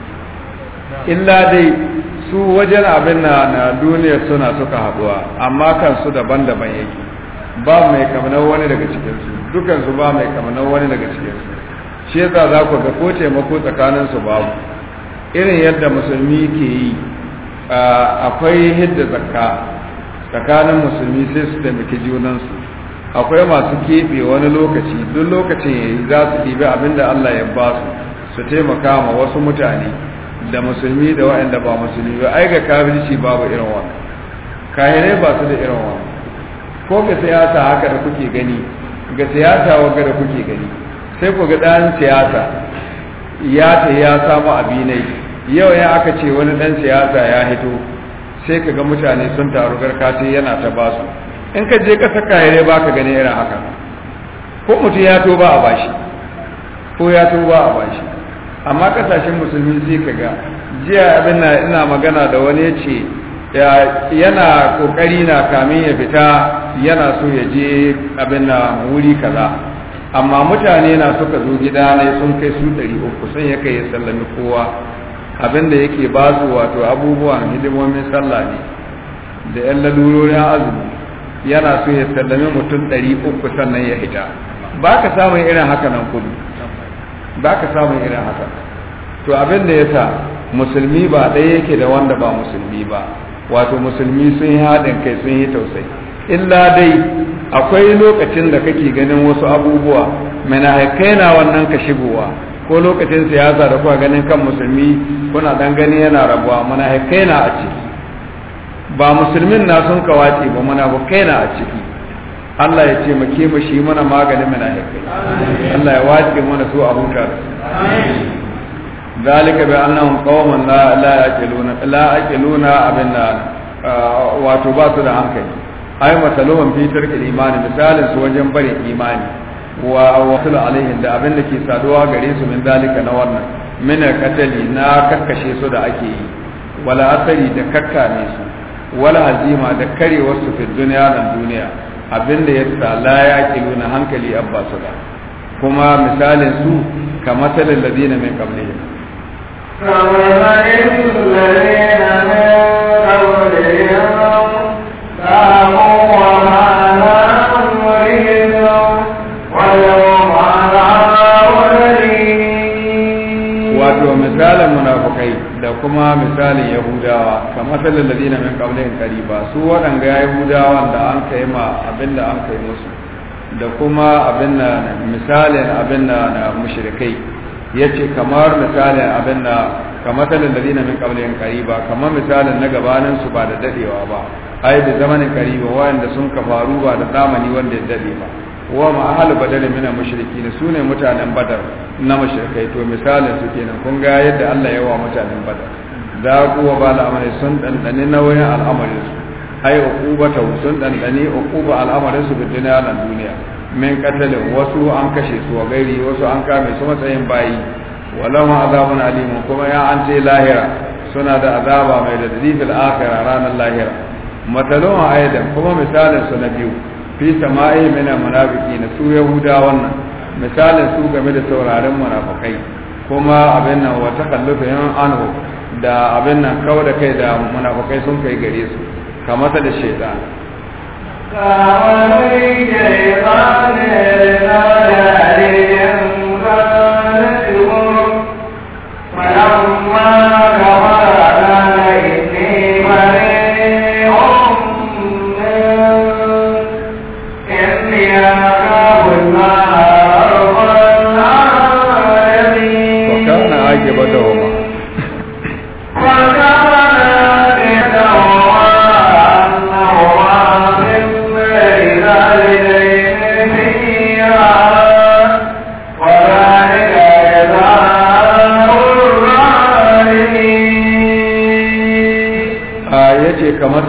illa dai su wajen abin na na duniya suna suka haduwa amma kan su daban-daban yake ba mai kamanar wani daga cikinsu dukansu ba mai kamanar wani daga cikinsu shi yasa za ku ga ko taimako tsakaninsu babu irin yadda musulmi ke yi akwai hidda zakka tsakanin musulmi sai su taimaki junansu akwai masu keɓe wani lokaci duk lokacin ya yi za su ɗibi abinda Allah ya ba su su taimaka ma wasu mutane da musulmi da waɗanda ba musulmi ba ai ga kafirci babu irin wani kahirai ba su da irin wani ko ga siyasa haka da kuke gani ga siyasa wagga da kuke gani sai ku ga ɗan siyasa ya ta ya samu abinai yau ya aka ce wani dan siyasa ya hito sai ka ga mutane sun taru garka sai yana ta basu in ka je ka saka yare ba ka gani irin haka ko mutum ya to ba a bashi ko ya to ba a bashi amma kasashen musulmi sai ka ga jiya abin na ina magana da wani ya ce yana kokari na kamin ya fita yana so ya je abin na wuri kaza amma mutane na suka zo gida ne sun kai su 300 sun ya kai ya sallami kowa abin da yake ba su wato abubuwan hidimomin sallah ne da yan lalurorin azumi yana so ya sallame mutum ɗari uku sannan ya hita ba ka samun irin haka nan kudu ba ka samun irin haka to abin da ya sa musulmi ba ɗaya yake da wanda ba musulmi ba wato musulmi sun yi haɗin kai sun yi tausayi illa dai akwai lokacin da kake ganin wasu abubuwa mana na wannan ka shigowa ko lokacin siyasa da kuwa ganin kan musulmi kuna dan gani yana rabuwa munafikai na a ciki ba musulmin na sun kawace ba munafikai na a ciki Allah ya ce muke mu shi mana maganin munafikai Allah ya wace mana su a huta ذلك بأنهم قوم لا لا يأكلون لا يأكلون أبنا واتباتوا عن كي أي مثلهم في ترك الإيمان مثال سوى جنبر إيماني wa wasu alaihim da abin da ke saduwa gare su min na wannan min katali na kakkashe su da ake yi wala asari da kakkame su wala hazima da karewar su fi duniya nan duniya abin da yasa la yaqilu nuna hankali abba su da kuma misalin su kamar talal ladina min qablihim kamar misalin munafukai da kuma misalin yahudawa ka matsalin da zina min kamlin kariba su waɗanga Yahudawa da an kai ma abin da an kai musu da kuma abin da misalin abin da na mushrikai ya ce kamar misalin abin da ka matsalin da zina min kamlin kariba kamar misalin na gabanin su ba da dadewa ba ai da zamanin kariba wayanda sun kafaru ba da zamani wanda ya dade ba wa ma ahal badal min al-mushrikin sune mutanen badar na mushrikai to misalin su kenan kun ga yadda Allah ya wa mutanen badar da kuwa ba al'amari sun ne nauyin al'amarin su ai ta sun ne uquba al'amarin su bid dunya nan duniya min katale wasu an kashe su wa gairi wasu an kame su matsayin bayi ma azabun alim kuma ya an ce lahira suna da azaba mai da dalilin akhirah ranar lahira matalon ayatan kuma misalin su na biyu fi sama'i mina munafiki na su yahuda wannan misalin su game da sauraron munafikai kuma abin nan wata kallufa yan anhu da abin nan kawai da kai da munafikai sun kai gare su kamata da shaitan kawai da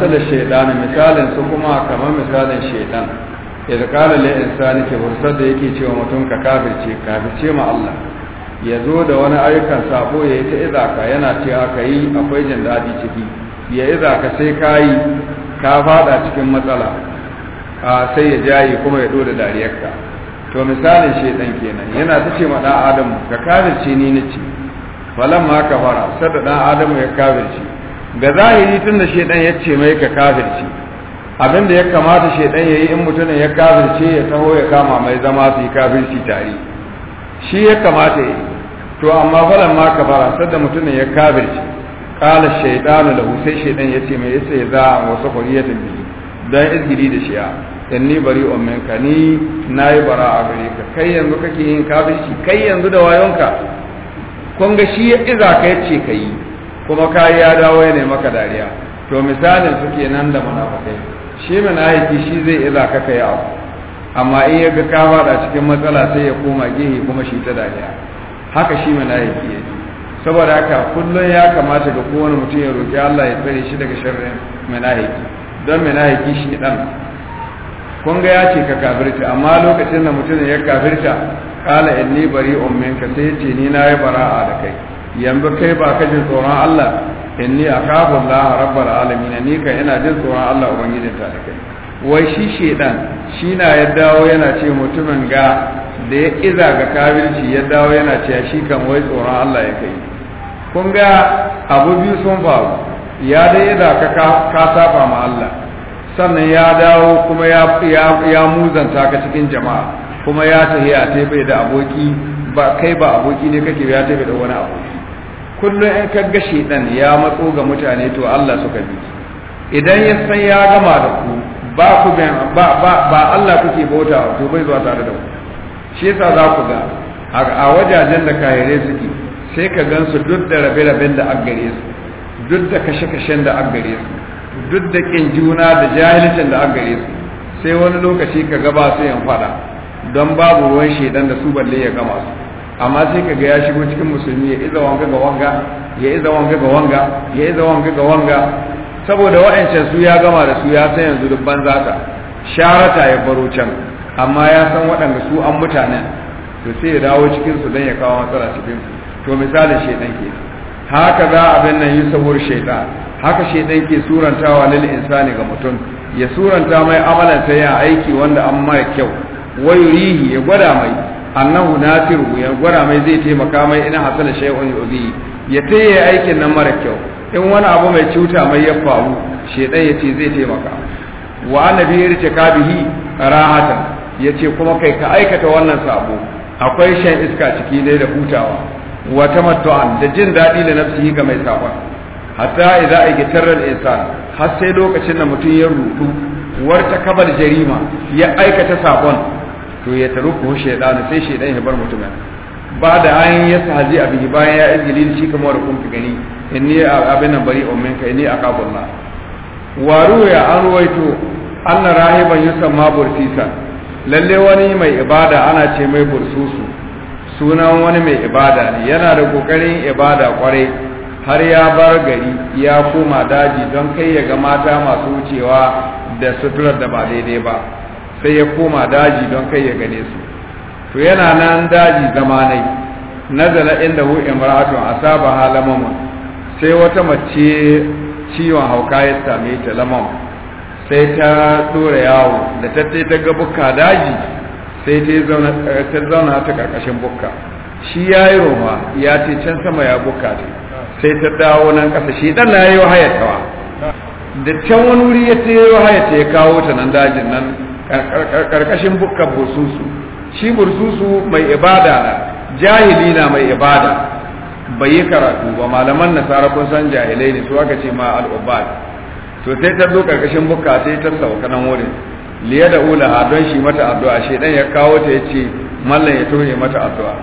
masala shaidana misalin su kuma kamar misalin shaidan idan kala lil insani ke wursar da yake cewa mutum ka kafirce kafirce ma Allah ya zo da wani ayyukan sabo ya yi ta izaka yana cewa ka yi akwai jin daɗi ciki ya izaka sai ka yi ka fada cikin matsala sai ya jaye kuma ya dora dariyarka to misalin shaidan kenan yana ta ce ma dan adam ka kafirce ni nace falan ma ka fara sai da dan adamu ya kafirce ga zahiri tun da shaidan ya ce mai ka kafirci abin da ya kamata shaidan ya yi in mutumin ya kafirce ya taho ya kama mai zama su yi kafirci tare shi ya kamata ya yi to amma falon ma ka fara sadda mutumin ya kafirci kala shaidanu da husai shaidan ya ce mai yasa ya za a wasu kuriyatan biyu don izgiri da shi'a in ni bari omen ka ni na yi bara a gare ka kai yanzu kake yin kafirci kai yanzu da wayonka kun ga shi ya iza ka yace ka yi kuma kai ya dawo ne maka dariya to misalin su kenan da munafikai shi munafiki shi zai iza ka kai abu amma in ya ga ka fada cikin matsala sai ya koma gehe kuma shi ta dariya haka shi munafiki yake saboda haka kullum ya kamata ga kowane mutum ya roƙi Allah ya tsare shi daga sharrin munafiki don munafiki shi dan kun ga ya ce ka kafirta amma lokacin da mutum ya kafirta kala inni bari ummin ka sai ya ce ni na yi bara'a da kai yanzu kai ba ka jin tsoron Allah inni kafin Allah rabbal alamina ni ka yana jin tsoron Allah ubangijin ta kai wai shi shedan shi na ya dawo yana ce mutumin ga da ya iza ga kabilci ya dawo yana ce shi kan wai tsoron Allah ya kai kun ga abu biyu sun faru ya dai iza ka ka saba ma Allah sannan ya dawo kuma ya ya muzanta ka cikin jama'a kuma ya tafi a bai da aboki ba kai ba aboki ne kake ya tafi da wani aboki kullum in ka ga shedan ya matso ga mutane to Allah suka bi idan ya san ya gama da ku ba ku ba ba Allah kuke bauta to bai zuwa tare da ku shi yasa za ku ga a wajajen da kayare suke sai ka gan su duk da rabe-raben da aggare su duk da kashe-kashen da aggare su duk da kin juna da jahilcin da aggare su sai wani lokaci ka gaba su yan fada don babu ruwan shedan da su balle ya gama su amma sai kaga ya shigo cikin musulmi ya iza wanga ga wanga ya iza wanga ga wanga ya iza wanga ga wanga saboda wa'ancan su ya gama da su ya san yanzu duk banza ta sharata ya baro can amma ya san waɗanda su an mutanen to sai ya dawo cikin su dan ya kawo matsala cikin su to misalin shedan ke haka za bin nan yi sabuwar shaitan haka shaitan ke surantawa lil insani ga mutum ya suranta mai amalan sai ya aiki wanda an mara kyau wayurihi ya gwada mai annahu nasiru ya mai zai taimaka mai ina hasala shay'un yubi ya taye aikin nan mara kyau in wani abu mai cuta mai ya faru shedan ce zai taimaka wa annabi ya rike kabihi rahatan ya kuma kai ka aikata wannan sabo akwai shan iska ciki dai da hutawa wa tamattu'an da jin daɗi da nafsihi ga mai sabon hatta idza igtarra al-insan har sai lokacin da mutum ya rutu warta kabal jarima ya aikata sabon to ya taruku shaytan sai shaytan ya bar mutumin ba da an ya sahaji abi bayan ya izgili shi kamar kun fi gani inni abin nan bari ummin ka inni aqabullah wa ruya an ruwaito anna rahiban yusamma bursisa lalle wani mai ibada ana ce mai bursusu sunan wani mai ibada ne yana da kokarin ibada kwarai har ya bar gari ya koma daji don kai ya ga mata masu wucewa da suturar da ba daidai ba sai ya koma daji don kai ya gane su to yana nan daji zamanai nazala inda hu imra'atun asaba halamama sai wata mace ciwon hauka ya same ta lamam sai ta dora yawo da ta ta ga bukka daji sai ta zauna ta karkashin bukka shi ya yi roma ya ce can sama ya bukka ta sai ta dawo nan kasa shi dan na yi hayatawa da can wani wuri ya ce yi hayata ya kawo ta nan dajin nan karkashin bukkan bursusu shi bursusu mai ibada na jahili na mai ibada bai yi karatu ba malaman nasara kun san jahilai ne su aka ce ma al'ubad to sai ta zo karkashin bukka sai ta sauka nan wurin liya da ulaha don shi mata addu'a shedan ya kawo ta yace mallan ya toye mata addu'a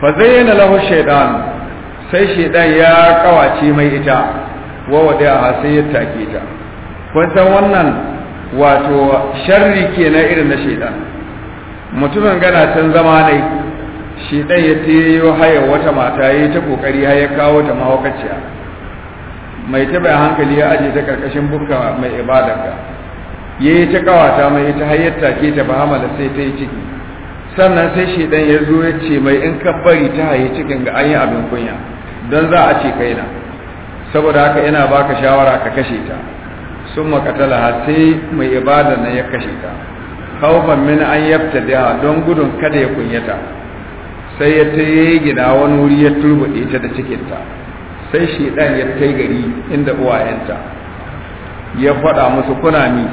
fa zayyana lahu shaytan sai shedan ya kawace mai ita wa wada sai ya take ta kun san wannan wato sharri ke na irin na shaidan mutumin gana can zama ne shaidan ya teyo haya wata mata ya yi ta kokari har ya kawo ta mahaukaciya mai ta hankali ya aje ta karkashin bukka mai ibadanka. ya yi ta kawata mai ita hayyarta ke ta bahamala sai ta yi ciki sannan sai shaidan ya zo ya ce mai in ka bari ta haye cikin ga an yi abin kunya don za a ce kaina saboda haka yana baka shawara ka kashe ta sun makatala sai mai ibada na ya kashe ta kawfan min an yabta da don gudun kada ya kunyata sai ya ta yi gina wani wuri ya turba ta da cikinta sai shi dan ya ta gari inda uwayenta ya faɗa musu kuna mi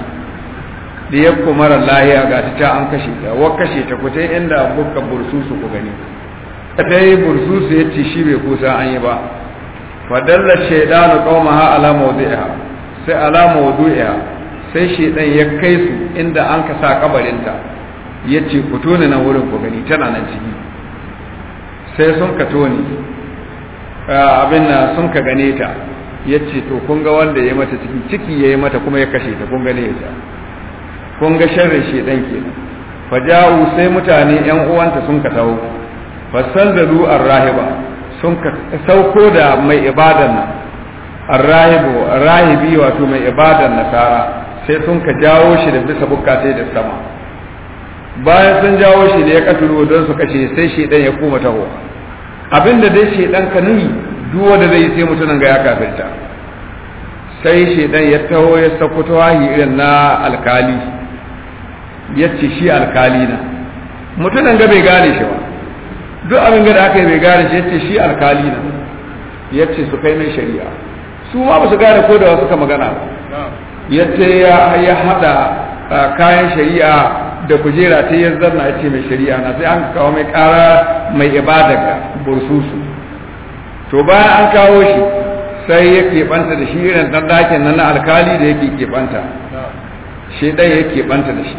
ya kuma mara lahiya ga ta an kashe ta wa kashe ta kuta inda buka bursusu ku gani ta yi bursusu ya ci shi bai kusa an yi ba da shaidanu qaumaha ala ha. sai alama wudu'iha sai shedan ya kai su inda an ka sa kabarinta yace ku tone nan wurin ku gani tana nan ciki sai sun ka tone abin na sun ka gane ta yace to kun ga wanda ya mata ciki ciki yayi mata kuma ya kashe ta kun gane ta kun ga sharrin shedan ke. faja'u sai mutane yan uwanta sun ka tawo fasanzalu ar-rahiba sun ka sauko da mai ibadan nan arrahibu rahibi wato mai ibadar nasara sai sun ka jawo shi da bisa bukatai da sama bayan sun jawo shi da ya katulu don su kashe sai shi shedan ya koma taho abinda dai shi shedan ka nuni duwa da zai sai mutunan ga ya kafirta sai shi shedan ya taho ya sako tawahi irin na alkali ya ce shi alkali na Mutunan ga bai gane shi ba duk abin da aka yi bai gane shi ya ce shi alkali na ya ce su kai mai shari'a su ma ba su gane ko da ka magana yadda ya hada kayan shari'a da kujera ta ya na ce mai shari'a na sai an kawo mai kara mai ibada ga bursusu to bayan an kawo shi sai ya keɓanta da shi irin ɗan ɗakin nan na alkali da yake keɓanta shi ɗaya ya keɓanta da shi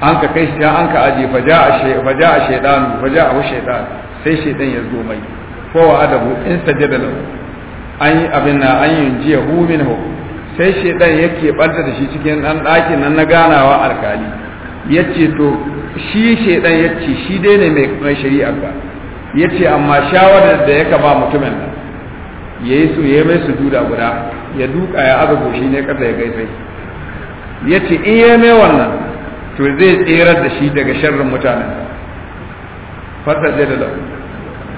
an ka kai shi an ka aje faja a shaidanu faja a shaidanu sai shaidan ya zo mai kowa adabu in sajada lahu an yi abin na an yi jiya hu sai shedan yake barta da shi cikin dan ɗakin nan na ganawa alkali yace to shi shedan yace shi dai ne mai shari'a ba yace amma shawarar da yaka ba mutumin nan yayi su yayi mai su sujuda guda ya duka ya aza goshi ne kada ya gaisai yace in yayi mai wannan to zai tserar da shi daga sharrin mutanen fasa da lahu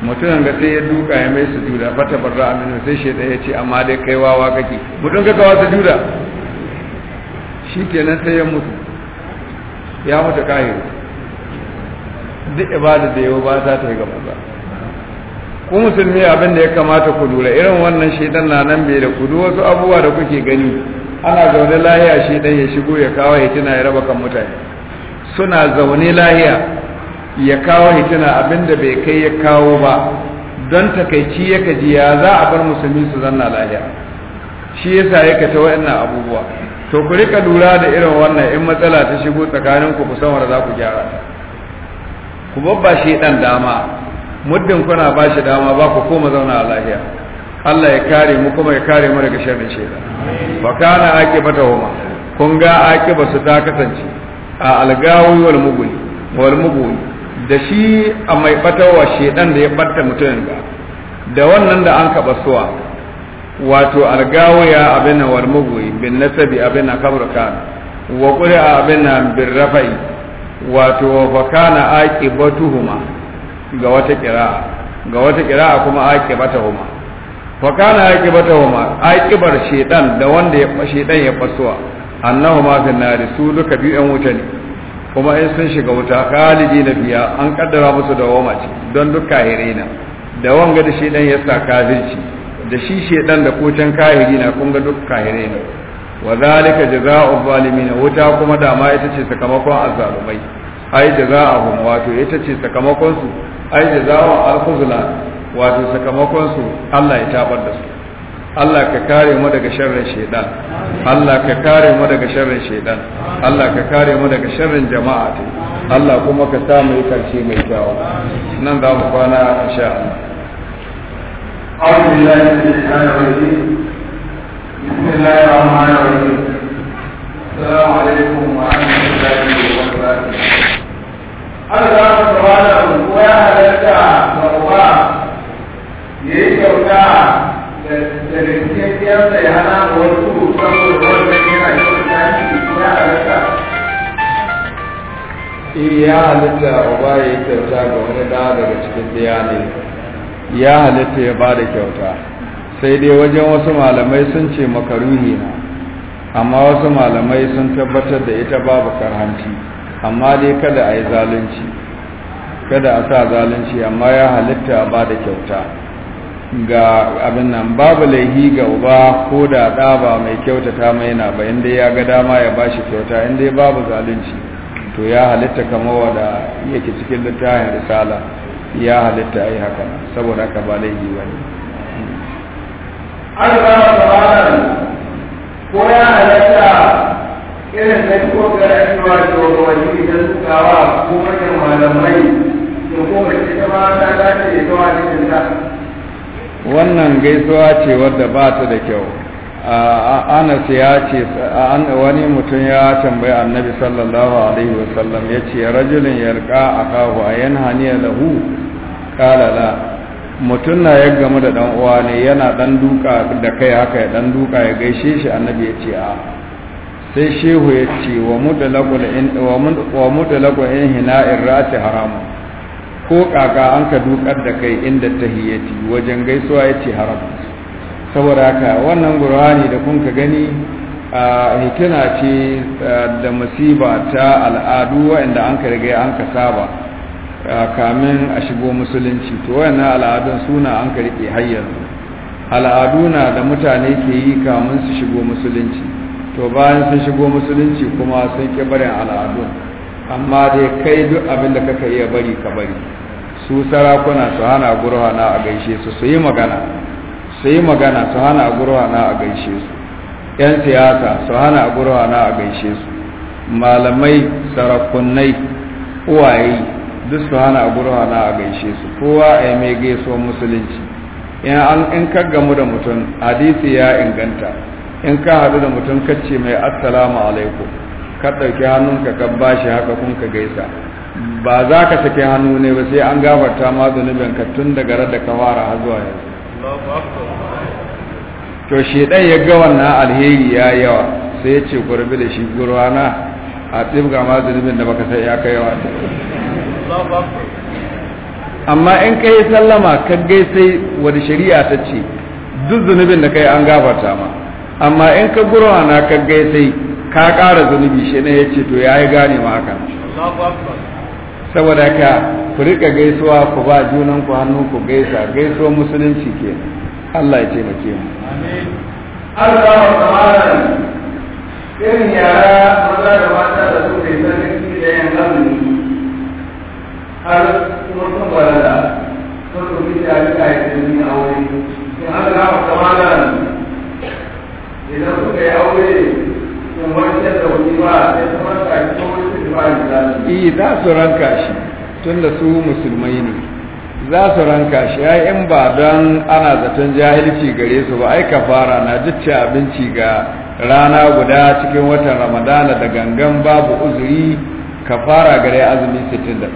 mutumin ga sai ya duka ya mai su juda fata barra aminu sai shi ya ce amma dai kai wawa kake mutum ka kawo su juda shi kenan sai ya mutu ya mutu kahiru duk ibada da yau ba za ta yi ga ba ku musulmi abin da ya kamata ku lura irin wannan shaidan na nan bai da kudu wasu abubuwa da kuke gani ana zaune lahiya shaidan ya shigo ya kawo ya tuna ya raba kan mutane suna zaune lahiya ya kawo hitina abinda bai kai ya kawo ba don takaici ya kaji ya za a bar musulmi su zanna lahiya shi ya yasa ya ta wa'annan abubuwa to ku rika lura da irin wannan in matsala ta shigo tsakanin ku kusan wanda za ku gyara ku babba shi dan dama muddin kuna ba shi dama ba ku koma zauna a lahiya Allah ya kare mu kuma ya kare mu daga sharrin shaitan fa kana bata huma kun ga akiba su ta kasance a algawi wal muguli wal muguli da shi a mai batawa shedan da ya batta mutumin ba da wannan da an kaba suwa wato argawaya abin mugoyi bin nasabi abin kabruka wa qur'a abin bin rafa'i wato wa kana aqibatuhuma ga wata kira ga wata kira kuma aqibatahuma fa kana aqibatahuma aqibar shedan da wanda ya shedan ya fasuwa annahuma fi nari su duka biyu yan wuta ne kuma in sun shiga wuta khalidi na biya an kaddara musu da wama ce don duk kahire na da wanga da shedan ya sa kafirci da shi shedan da kocan kahiri na kun ga duk kahire ne wa zalika jaza'u zalimin wuta kuma da ma ita ce sakamakon azalumai ai jazaa'uhum wato ita ce sakamakon su ai jaza'u al wato sakamakon su Allah ya tabar da su Allah ka kare mu daga sharrin shaidan Allah ka kare mu daga sharrin shaidan Allah ka kare mu daga sharrin jama'a ta Allah kuma ka sa mu karshe mai kyawu nan za mu kwana insha Allah أعوذ بالله من الشيطان الرجيم بسم الله الرحمن الرحيم السلام عليكم ورحمة الله وبركاته Allah subhanahu wa ta'ala ya halatta barwa yayi kyauta da rikiciyar da ya hana wasu saboda wannan yana yau da tashi ya ya halitta uba ya yi kyauta ga wani da daga cikin ɗaya ne ya halitta ya bada kyauta sai dai wajen wasu malamai sun ce makaruhi na amma wasu malamai sun tabbatar da ita babu karhanci amma dai kada a yi zalunci kada a sa zalunci amma ya halitta a bada kyauta ga abin nan babu laihi ga uba ko da ɗa ba mai kyautata mai na ba inda ya ga dama ya ba shi kyauta inda babu zalunci to ya halitta kama wada yake cikin littafin risala ya halitta ai haka saboda haka ba laihi ba ne an ba ko ya halitta irin da ko ga yawa da wani da kuma ko malamai da ko mace ta ma ta dace da wani da wannan gaisuwa ce wadda ba ta da kyau anas ya ce wani mutum ya tambayi annabi sallallahu alaihi wasallam ya ce rajulun yarka a kawo a yan haniya lahu kalala mutum na ya gamu da dan uwa ne yana dan duka da kai haka ya dan duka ya gaishe shi annabi ya ce a sai shehu ya ce wa mudalaqul in wa in rati ra'ati haramun ko kaka an ka dukar da kai inda tahiyyati wajen gaisuwa yace haram saboda haka wannan qur'ani da kun ka gani a hikina ce da musiba ta al'adu wanda an ka riga an ka saba kamin a shigo musulunci to wannan al'adun suna an ka rike har yanzu al'adu na da mutane ke yi kamin su shigo musulunci to bayan sun shigo musulunci kuma sun ke barin al'adun amma dai kai duk abin da kaka iya bari ka bari su sarakuna su hana na a gaishe su su yi magana su yi magana su hana na a gaishe su yan siyasa su hana na a gaishe su malamai sarakunai uwaye duk su hana na a gaishe su kowa a mai gaiso musulunci in ka gamu da mutum hadisi ya inganta in ka haɗu da mutum kacce mai assalamu alaikum ka ɗauki hannunka ka shi haka kun ka gaisa ba za ka sake hannu ne ba sai an gafarta ma zunubin ka tun daga rada ka fara har zuwa yanzu to shi ɗan ya ga wannan alheri ya yawa sai ya ce gurbi da shi gurwana a tsibga ma zunubin da baka sai ya kai yawa amma in ka yi sallama ka gaisai wani shari'a ta ce duk zunubin da ka yi an gafarta ma amma in ka gurwana ka gaisai ka ƙara zunubi shi ne ya ce to ya yi gane ma haka saboda ka ku riƙa gaisuwa ku ba junanku hannu ku gaisa gaisuwar musulunci ke Allah ya ce na ke mu Allah wa kamalan irin yara maza da mata da su ke sanin da yan azumi har mutum balada sun rubi da aka yi zumi a wuri in Allah wa kamalan idan suka yi aure za su ranka shi tunda su musulmai ne za su ranka shi ya in ba don ana zaton jahilci gare su ba ai kafara na jicce abinci ga rana guda cikin watan ramadana da gangan babu uzuri kafara gare azumi 60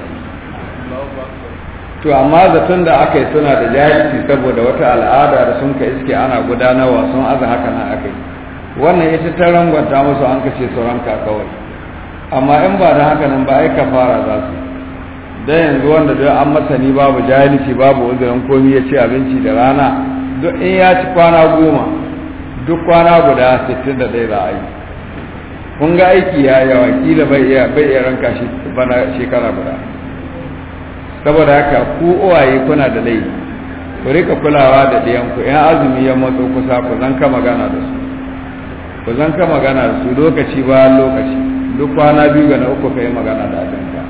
to amma zaton da aka yi suna da jahilci saboda wata al'ada da sun ka iske ana gudanarwa sun aza haka na aka yi wannan ita ta rangwanta musu an kace ka kawai amma in ba da haka nan ba ai kafara za su da yanzu wanda da an masani babu jahilci babu uzurin komi ya ci abinci da rana duk in ya ci kwana goma duk kwana guda sittin da dai za a yi kun ga aiki ya yawa kila bai iya bai iya ranka shi bana shekara guda saboda haka ku uwaye kuna da laifi ku rika kulawa da ɗiyanku in azumi ya matso kusa ku zan ka magana da su ko zan ka magana su lokaci bayan lokaci duk kwana biyu ga na uku ka yi magana da abinka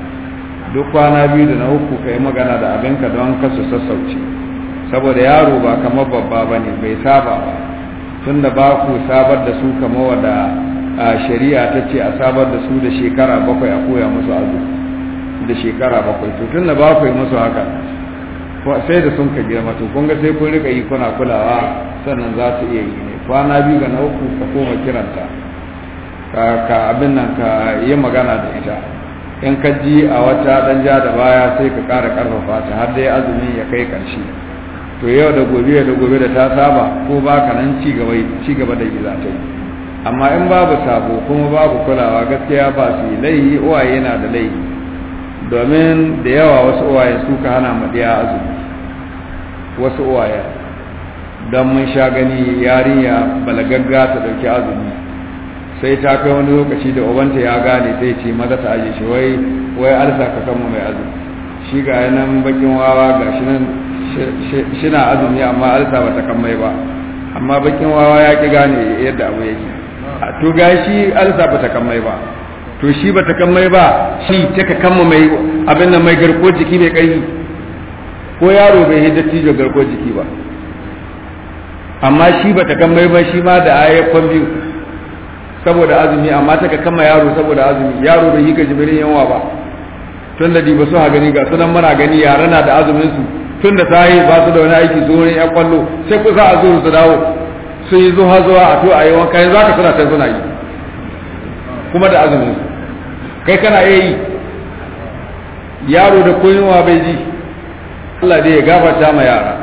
duk kwana biyu da na uku ka yi magana da abinka don kasu sassauce saboda yaro ba kamar babba ba ne bai saba ba tun da ba ku sabar da su kamar wada a shari'a ta ce a sabar da su da shekara bakwai a koya musu azu da shekara bakwai to tun da ba ku yi musu haka sai da sun ka girma to kun ga sai kun rika yi kuna kulawa sannan za su iya yi ne kwana biyu ga na uku ka koma kiranta ka abin nan ka yi magana da ita in ka ji a wata dan ja da baya sai ka ƙara ƙarfafa ta har dai azumi ya kai ƙarshe to yau da gobe da gobe da ta saba ko ba ka nan ci gaba da gida amma in babu sabo kuma babu kulawa gaskiya ba su yi laihi uwaye yana da laihi domin da yawa wasu uwaye suka hana maɗiya azumi wasu uwaye don mun sha gani yarinya balagagga ta dauki azumi sai ta kai wani lokaci da ubanta ya gane zai ce maza ta aje shi wai wai alsa ka kanmu mai azumi shi ga nan bakin wawa ga shi nan shina azumi amma alsa ba ta kan mai ba amma bakin wawa ya ki gane yadda abu yake to ga shi alsa ba ta kan mai ba to shi ba ta kan mai ba shi ta ka kanmu mai abin nan mai garko jiki mai kai ko yaro bai hidda tijo garko jiki ba amma shi ba ta kammai ba shi ma da ayyukan biyu saboda azumi amma ta ka kama yaro saboda azumi yaro bai yi ga jibirin yawa ba tun da ba su ha gani ga sunan muna gani yara na da azumin su tun da sahi ba su da wani aiki su ne yan kwallo sai za a zo su dawo sun yi zuwa zuwa a to a yi wanka yanzu haka suna can suna yi kuma da azumin su kai kana iya yi yaro da koyowa bai ji Allah dai ya gafarta ma yara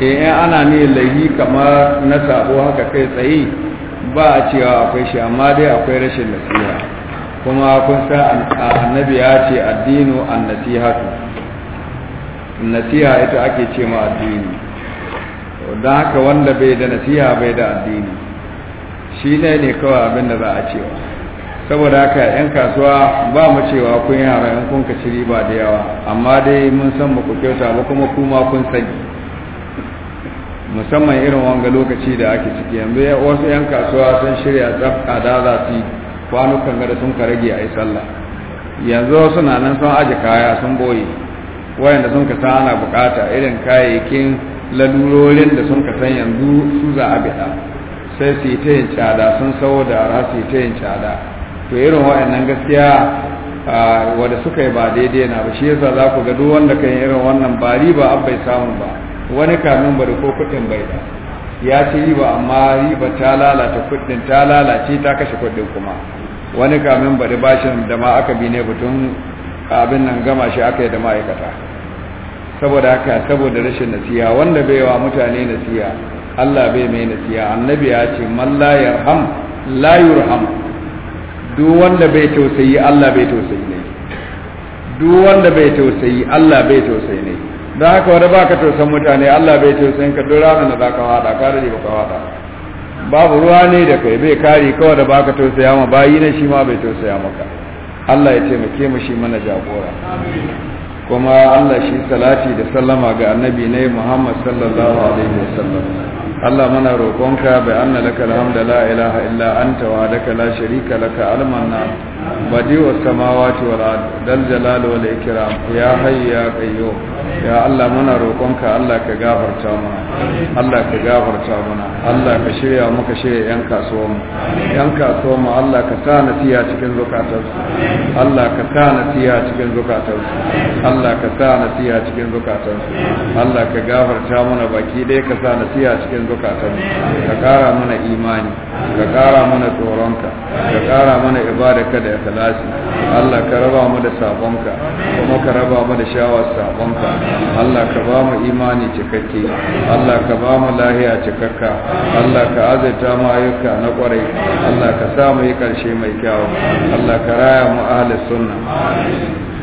Eh, in ana ne lahi kamar na sabo haka kai tsaye ba a cewa akwai shi amma dai akwai rashin nasiha kuma kun sa annabi ya ce addinu an nasiha ita ake ce ma addini don haka wanda bai da nasiha bai da addini shi ne ne kawai abin da za a cewa saboda haka yan kasuwa ba mu cewa kun yara yan kun ka ci riba da yawa amma dai mun san mu ku kyauta ba kuma kuma kun sani musamman irin wanga lokaci da ake ciki yanzu wasu 'yan kasuwa sun shirya tsaf kada za su kwanukan gada sun ka rage a yi sallah yanzu wasu na nan sun aji kaya sun boye wayanda sun ka san ana bukata irin kayayyakin lalurorin da sun ka san yanzu su za a biya sai su yi ta yin cada sun sau da ara su yi ta yin cada to irin wayannan gaskiya wanda suka yi ba daidai na ba shi yasa za ku ga duk wanda kan irin wannan bari ba abbai samu ba wani kamin bari ko kudin bai da ya ce riba amma riba ta lalata kudin ta lalace ta kashe kudin kuma wani kamin bari bashin da ma aka bi ne butun abin nan gama shi aka yi da ma'aikata saboda haka saboda rashin nasiya wanda bai wa mutane nasiya Allah bai mai nasiya annabi ya ce man la yarham la yurham duk wanda bai tausayi Allah bai tausayi ne duk wanda bai tausayi Allah bai tausayi ne Da haka wani ba ka tausan mutane Allah bai tosan ka dora na da za ka haɗa ka rage ba ka haɗa babu ruwa ne da kai bai kare kawai da baka tausaya ma bayi ne shi ma bai tausaya maka Allah ya ce taimake mu shi mana jagora kuma Allah shi salati da sallama ga annabi ne Muhammad sallallahu alaihi wasallam Allah muna roƙonka bai anna laka alhamdu la ilaha illa anta wa laka la sharika laka almanna badi'u samawati wal ard dal jalali wal ikram ya hayyu ya qayyum ya Allah muna roƙonka Allah ka gafarta mana Allah ka gafarta mana Allah ka shirya muka shirya yan kasuwan mu yan kasuwan mu Allah ka sa na nasiya cikin zukatarsu Allah ka sa na nasiya cikin zukatarsu Allah ka sa na nasiya cikin zukatarsu Allah ka gafarta mana baki dai ka sa na nasiya cikin zukatarsu ka kara mana imani ka kara mana tsoronka ka kara mana ibadarka da ikhlasi Allah ka raba mu da sabonka kuma ka raba mu da shawar sabonka Allah ka ba mu imani cikakke Allah ka ba mu lahiya cikakka Allah ka azaita mu ayyuka na kwarai Allah ka sa mu yi karshe mai kyau Allah ka raya mu ahli sunna